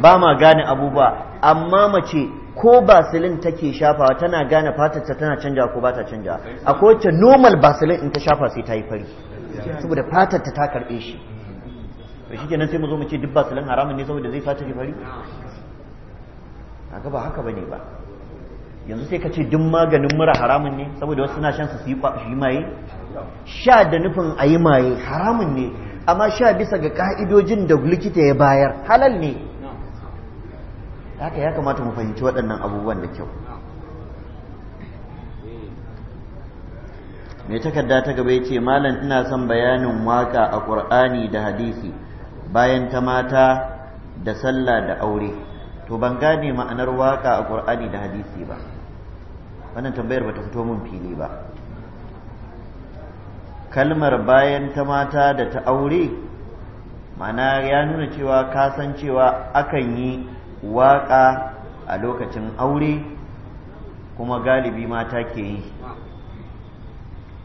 ba ma gane abubuwa amma mace ko basilin take shafawa tana gane fatarta tana canja ko bata canja akwai wacce normal basilin in ta shafa sai ta yi fari saboda fatarta ta karbe shi to shi kenan sai mu zo mu ce duk basilin haramun ne saboda zai fata ki fari kaga ba haka bane ba yanzu sai ka ce duk maganin mura haramun ne saboda wasu suna shan su su yi maye sha da nufin a yi maye haramun ne amma sha bisa ga ka'idojin da likita ya bayar halal ne haka ya kamata mu fahimci waɗannan abubuwan da kyau mai takarda ta gaba ya ce malam ina son bayanin waka a ƙur'ani da hadisi bayan ta mata da sallah da aure to ban gane ma'anar waka a ƙur'ani da hadisi ba wannan tambayar ba ta fito mun fili ba kalmar bayan ta mata da ta aure mana ya nuna cewa kasancewa akan yi waƙa a lokacin aure kuma galibi mata ke yi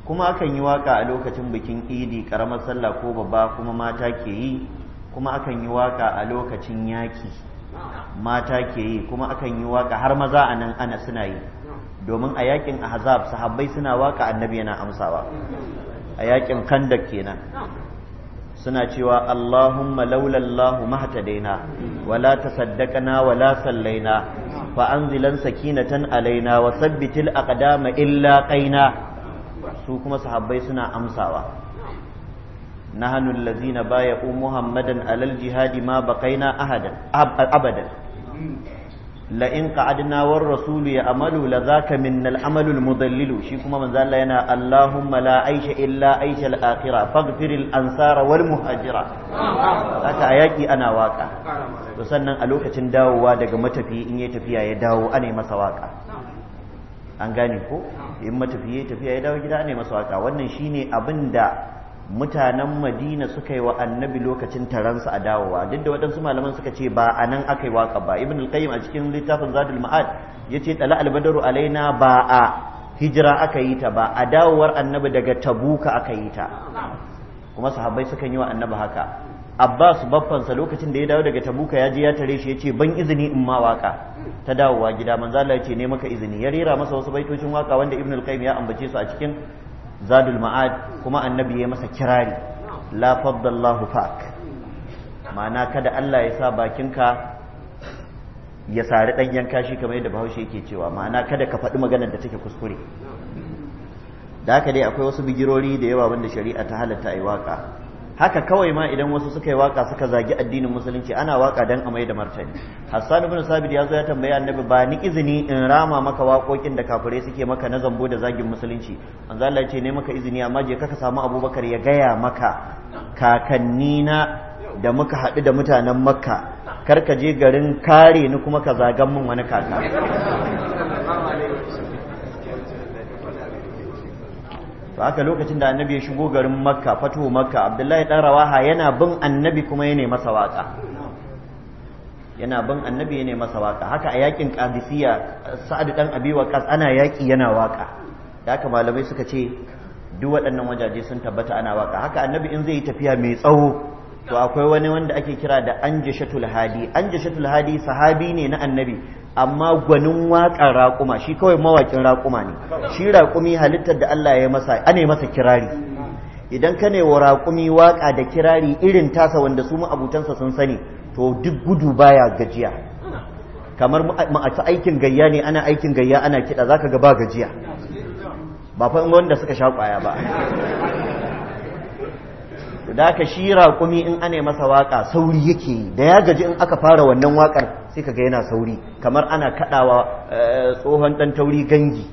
kuma akan yi waka a lokacin bikin idi ƙaramar sallah ko babba kuma mata ke yi kuma akan yi waƙa a lokacin yaki mata ke yi kuma akan yi waƙa har maza a nan ana suna yi domin a yakin hazab sahabbai suna waƙa annabi yana amsawa a yakin kandak kenan suna cewa Allahumma laula Allah mahtadaina wala tasaddaqana wala sallaina fa anzilan sakinatan alaina wa sabbitil aqdama illa qaina su kuma sahabbai suna amsawa nahnu allazina baya muhammadan alal jihadi ma baqaina ahadan abadan la'in qa'adna war rasulu ya amalu la zaka minnal amalul mudallilu shi kuma manzo Allah yana Allahumma la aisha illa aisha al-akhirah faghfiril ansara wal muhajira a ayaki ana waka to sannan a lokacin dawowa daga matafi in yayi tafiya ya dawo ana masa waka an gane ko in matafi ya tafiya ya dawo gida ana masa waka wannan shine abin da mutanen madina suka yi wa annabi lokacin taransa a dawowa duk da waɗansu malaman suka ce ba a nan aka yi waƙa ba ibn al-qayyim a cikin littafin zadul ma'ad ya ce ɗala albadaru alaina ba a hijira aka yi ta ba a dawowar annabi daga tabuka aka yi ta kuma sahabbai sukan yi wa annabi haka abbas baffansa lokacin da ya dawo daga tabuka ya je ya tare shi ya ce ban izini in ma waƙa ta dawowa gida manzala ya ce ne maka izini ya rera masa wasu baitocin waka wanda ibn al-qayyim ya ambace su a cikin zadul ma'ad kuma annabi ya masa kirari la faddallahu fak ma'ana kada Allah ya sa bakinka ya sari ɗanyen kashi kamar yadda bahaushe yake cewa ma'ana kada ka faɗi magana da take kuskure da haka dai akwai wasu bigirori da yawa wanda shari'a ta halatta a yi waka haka kawai ma idan wasu suka yi waka suka zagi addinin musulunci ana waka dan a da martani hassan ibn sabit ya zo ya tambayi annabi ba ni izini in rama maka waƙoƙin da kafirai suke maka na zambo da zagin musulunci manzo Allah ya ce ne maka izini amma je ka samu abubakar ya gaya maka kakanni na da muka haɗu da mutanen makka kar ka je garin kare ni kuma ka zagan min wani kaka to haka lokacin da annabi ya shigo garin makka fatuhu makka abdullahi dan rawaha yana bin annabi kuma ya masa waka yana bin annabi ya masa waka haka a yakin qadisiyya sa'ad dan abi waqas ana yaki yana waka da haka malamai suka ce duk waɗannan wajaje sun tabbata ana waka haka annabi in zai yi tafiya mai tsawo to akwai wani wanda ake kira da anjashatul hadi anjashatul hadi sahabi ne na annabi amma gwanin waƙar raƙuma shi kawai mawaƙin raƙuma ne shi raƙumi halittar da Allah ya masa ane masa kirari idan ka ne wa raƙumi waƙa da kirari irin tasa wanda su ma'abutansa sun sani to duk gudu baya gajiya kamar ma'aci aikin gayya ne ana aikin gayya ana kiɗa zaka ga ba gajiya ba fa wanda suka sha ƙwaya ba to da ka shi raƙumi in ana masa waka sauri yake da ya gaji in aka fara wannan wakar sai kaga yana sauri kamar ana kaɗawa eh, tsohon ɗan tauri gangi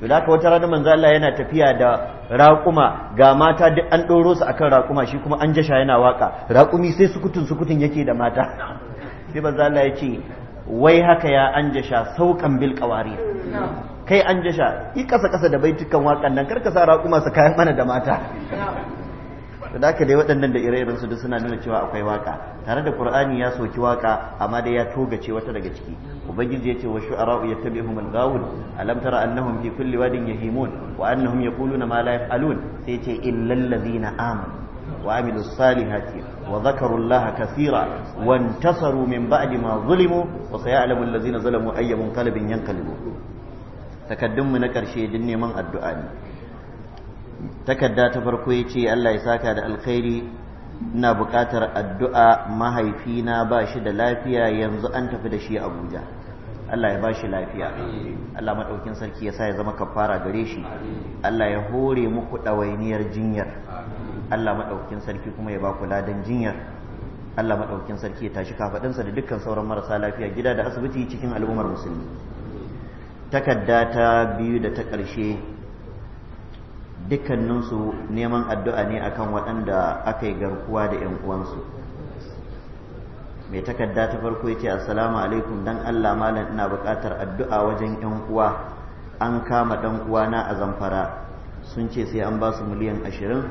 to da ka wata rana manzo Allah yana tafiya da raƙuma ga mata duk an doro su akan raƙuma shi kuma an jasha yana waka raƙumi sai sukutun sukutun yake da mata sai manzo Allah ya ce wai haka ya an jasha saukan bil qawari kai an jasha yi kasa kasa da baitukan wakan nan karka sa raƙuma su kayan mana da mata da aka dai waɗannan da ire-iren su suna nuna cewa akwai waka tare da qur'ani ya soki waka amma dai ya togace wata daga ciki ubangiji ya ce wa shu'ara'u yattabi'uhum al-ghawun alam tara annahum fi kulli wadin yahimun wa annahum yaquluna ma la yaf'alun sai ce illal ladina amanu wa amilus salihati wa dhakaru allaha kaseera wa intasaru min ba'di ma zulimu wa sayalamu allazina zalamu ayyamun qalbin yanqalibu takaddunmu na karshe din neman addu'a ne takarda ta farko ya ce Allah ya saka da alkhairi ina buƙatar addu'a mahaifina ba shi da lafiya yanzu an tafi da shi a Abuja Allah ya ba shi lafiya Allah maɗaukin sarki ya sa ya zama kafara gare shi Allah ya hore muku ɗawainiyar jinyar Allah maɗaukin sarki kuma ya ba ku ladan jinyar Allah maɗaukin sarki ya tashi kafaɗinsa da dukkan sauran marasa lafiya gida da asibiti cikin al'ummar musulmi takarda ta biyu da ta ƙarshe dukkaninsu neman addu'a ne a kan waɗanda aka yi garkuwa da ‘yan uwansu mai takarda ta farko ya ce assalamu alaikum don allah malam ina buƙatar addu'a wajen ‘yan uwa an kama ɗan na a zamfara sun ce sai an ba su miliyan ashirin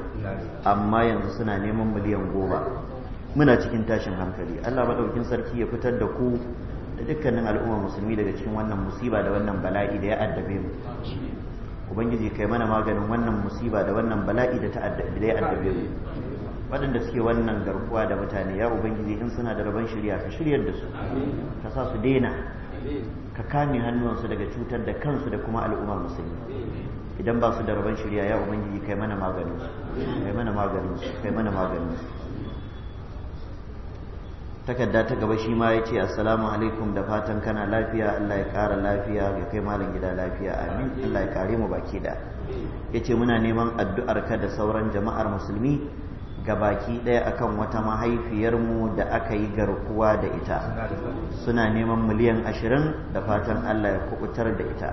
amma yanzu suna neman miliyan goma muna cikin tashin hankali allah maɗaukin sarki ya fitar da ku da dukkanin al'ummar musulmi daga cikin wannan musiba da wannan bala'i da ya addabe mu ubangiji kai mana maganin wannan musiba da wannan bala'i da ta ya addabe mu waɗanda suke wannan garkuwa da mutane ya ubangiji in suna da rabon shirya ka shiryar da su ka sa su daina ka kame hannuwansu daga cutar da kansu da kuma al'ummar musulmi idan ba su da rabon shirya ya ubangiji kai mana maganin su kai mana maganin su kai mana maganin su takarda ta gaba shi ma ya ce assalamu alaikum da fatan kana lafiya Allah ya ƙara lafiya ga kai malam gida lafiya amin Allah ya kare mu baki da ya ce muna neman addu'ar ka da sauran jama'ar musulmi ga baki ɗaya akan wata mahaifiyarmu da aka yi garkuwa da ita suna neman miliyan ashirin da fatan Allah ya kubutar da ita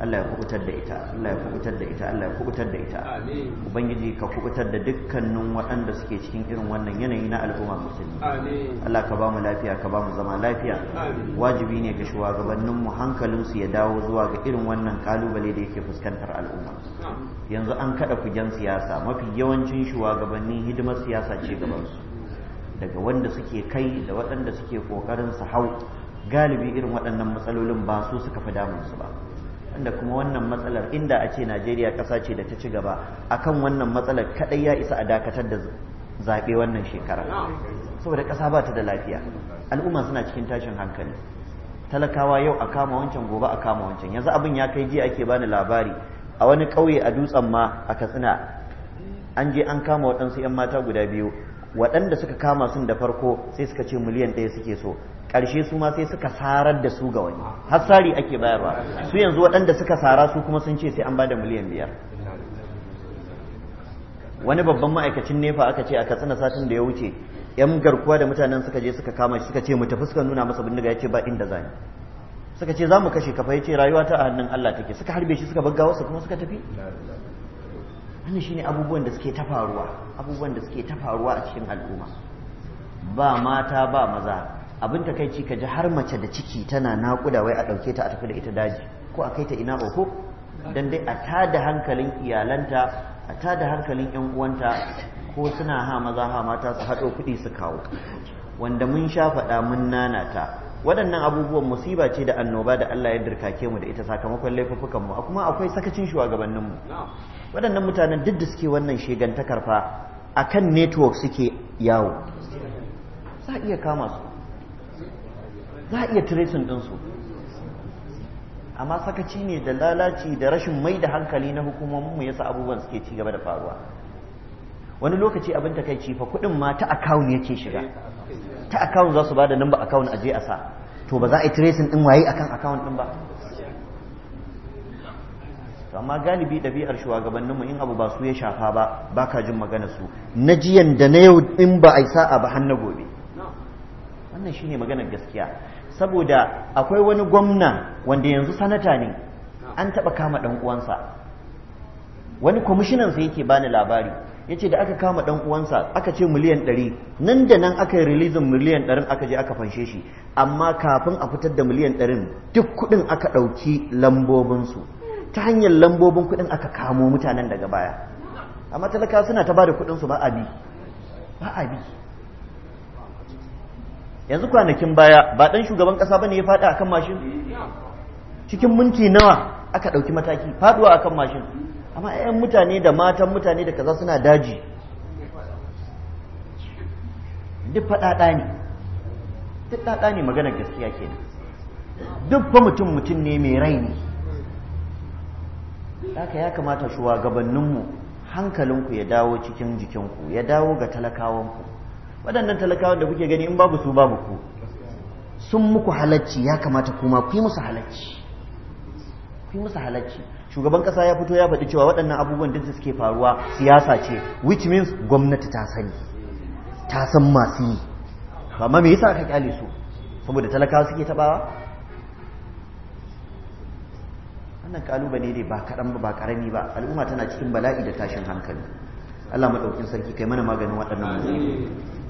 Allah ya kubutar da ita Allah ya kubutar da ita Allah ya kubutar da ita ubangiji ka kubutar da dukkanin waɗanda suke cikin irin wannan yanayi na al'umma musulmi Allah ka ba mu lafiya ka ba mu zama lafiya wajibi ne ga shugabannin mu hankalin su ya dawo zuwa ga irin wannan kalubale da yake fuskantar al'umma yanzu an kada kujen siyasa mafi yawancin shugabannin hidimar siyasa ce gaban su daga wanda suke kai da waɗanda suke kokarin su hau galibi irin waɗannan matsalolin ba su suka fi damun su ba da kuma wannan matsalar inda a ce najeriya ƙasa ce da ta ci gaba akan wannan matsalar kaɗai ya isa a dakatar da zaɓe wannan shekara saboda ƙasa ba ta da lafiya al'umma suna cikin tashin hankali talakawa yau a kama wancan gobe a kama wancan yanzu abin ya kai jiya ake bani labari a wani ƙauye a dutsen ma a katsina an je an kama waɗansu 'yan mata guda biyu waɗanda suka kama sun da farko sai suka ce miliyan ɗaya suke so ƙarshe su ma sai suka sarar da su ga wani hassari ake bayarwa su yanzu waɗanda suka sara su kuma sun ce sai an bada miliyan biyar wani babban ma'aikacin nefa aka ce a katsina satin da ya wuce yan garkuwa da mutanen suka je suka kama shi suka ce mu tafi suka nuna masa bindiga ya ce ba inda zani suka ce za mu kashe kafa ya ce rayuwa ta a hannun Allah take suka harbe shi suka bugga wasu kuma suka tafi wannan shine abubuwan da suke ta faruwa abubuwan da suke ta faruwa a cikin al'umma ba mata ba maza abin takaici ka ji har mace da ciki tana naƙuda wai a ɗauke ta a tafi da ita daji ko a kai ta ina oku don dai a tada hankalin iyalanta a tada hankalin yan uwanta ko suna ha maza ha mata su haɗo kuɗi su kawo wanda mun sha faɗa mun ta, waɗannan abubuwan musiba ce da annoba da Allah ya dirkake mu da ita sakamakon laifukan mu kuma akwai sakacin shugabannin mu. waɗannan mutanen duk da suke wannan shegantakar fa akan network suke yawo za a iya kama su za a iya tracing ɗinsu amma sakaci ne da lalaci da rashin mai da hankali na hukumominmu yasa abubuwan suke ci gaba da faruwa wani lokaci abin ta kai fa kuɗin ma ta akawun yake shiga ta akawun za su ba da account akawun aje a sa to ba za a yi tracing ɗin waye akan akawun ɗin ba amma galibi ɗabi'ar shugabanninmu in abu ba su ya shafa ba ba ka jin magana su na jiyan da na yau in ba a yi sa'a ba hannu gobe wannan shine maganar gaskiya saboda akwai wani gwamna wanda yanzu sanata ne an taɓa kama ɗan uwansa wani kwamishinan sai yake bani labari ya ce da aka kama ɗan uwansa aka ce miliyan ɗari nan da nan aka yi rilizin miliyan ɗarin aka je aka fanshe shi amma kafin a fitar da miliyan ɗarin duk kuɗin aka ɗauki lambobinsu ta hanyar lambobin kuɗin aka kamo mutanen daga baya amma talaka suna ta ba da kuɗinsu ba ba a bi yanzu kwanakin baya ba dan shugaban kasa bane ya faɗi akan mashin cikin minti nawa aka ɗauki mataki faɗuwa akan mashin amma 'ya'yan mutane da matan mutane da kaza suna daji duk faɗaɗa ne duk ɗaɗa ne maganar gaskiya kenan duk fa mutum mutum ne mai rai ne haka ya kamata shugabanninmu hankalinku ya dawo cikin jikinku ya dawo ga talakawanku waɗannan talakawan da kuke gani in babu su babu ku sun muku halacci ya kamata kuma ku yi musu halacci ku yi musu halacci shugaban ƙasa ya fito ya faɗi cewa waɗannan abubuwan da suke faruwa siyasa ce which means gwamnati ta sani ta san masu yi amma me yasa aka kyale su saboda talakawa suke tabawa wannan kalubale ne ba kaɗan ba ba ƙarami ba al'umma tana cikin bala'i da tashin hankali Allah maɗaukin sarki kai mana maganin waɗannan musibu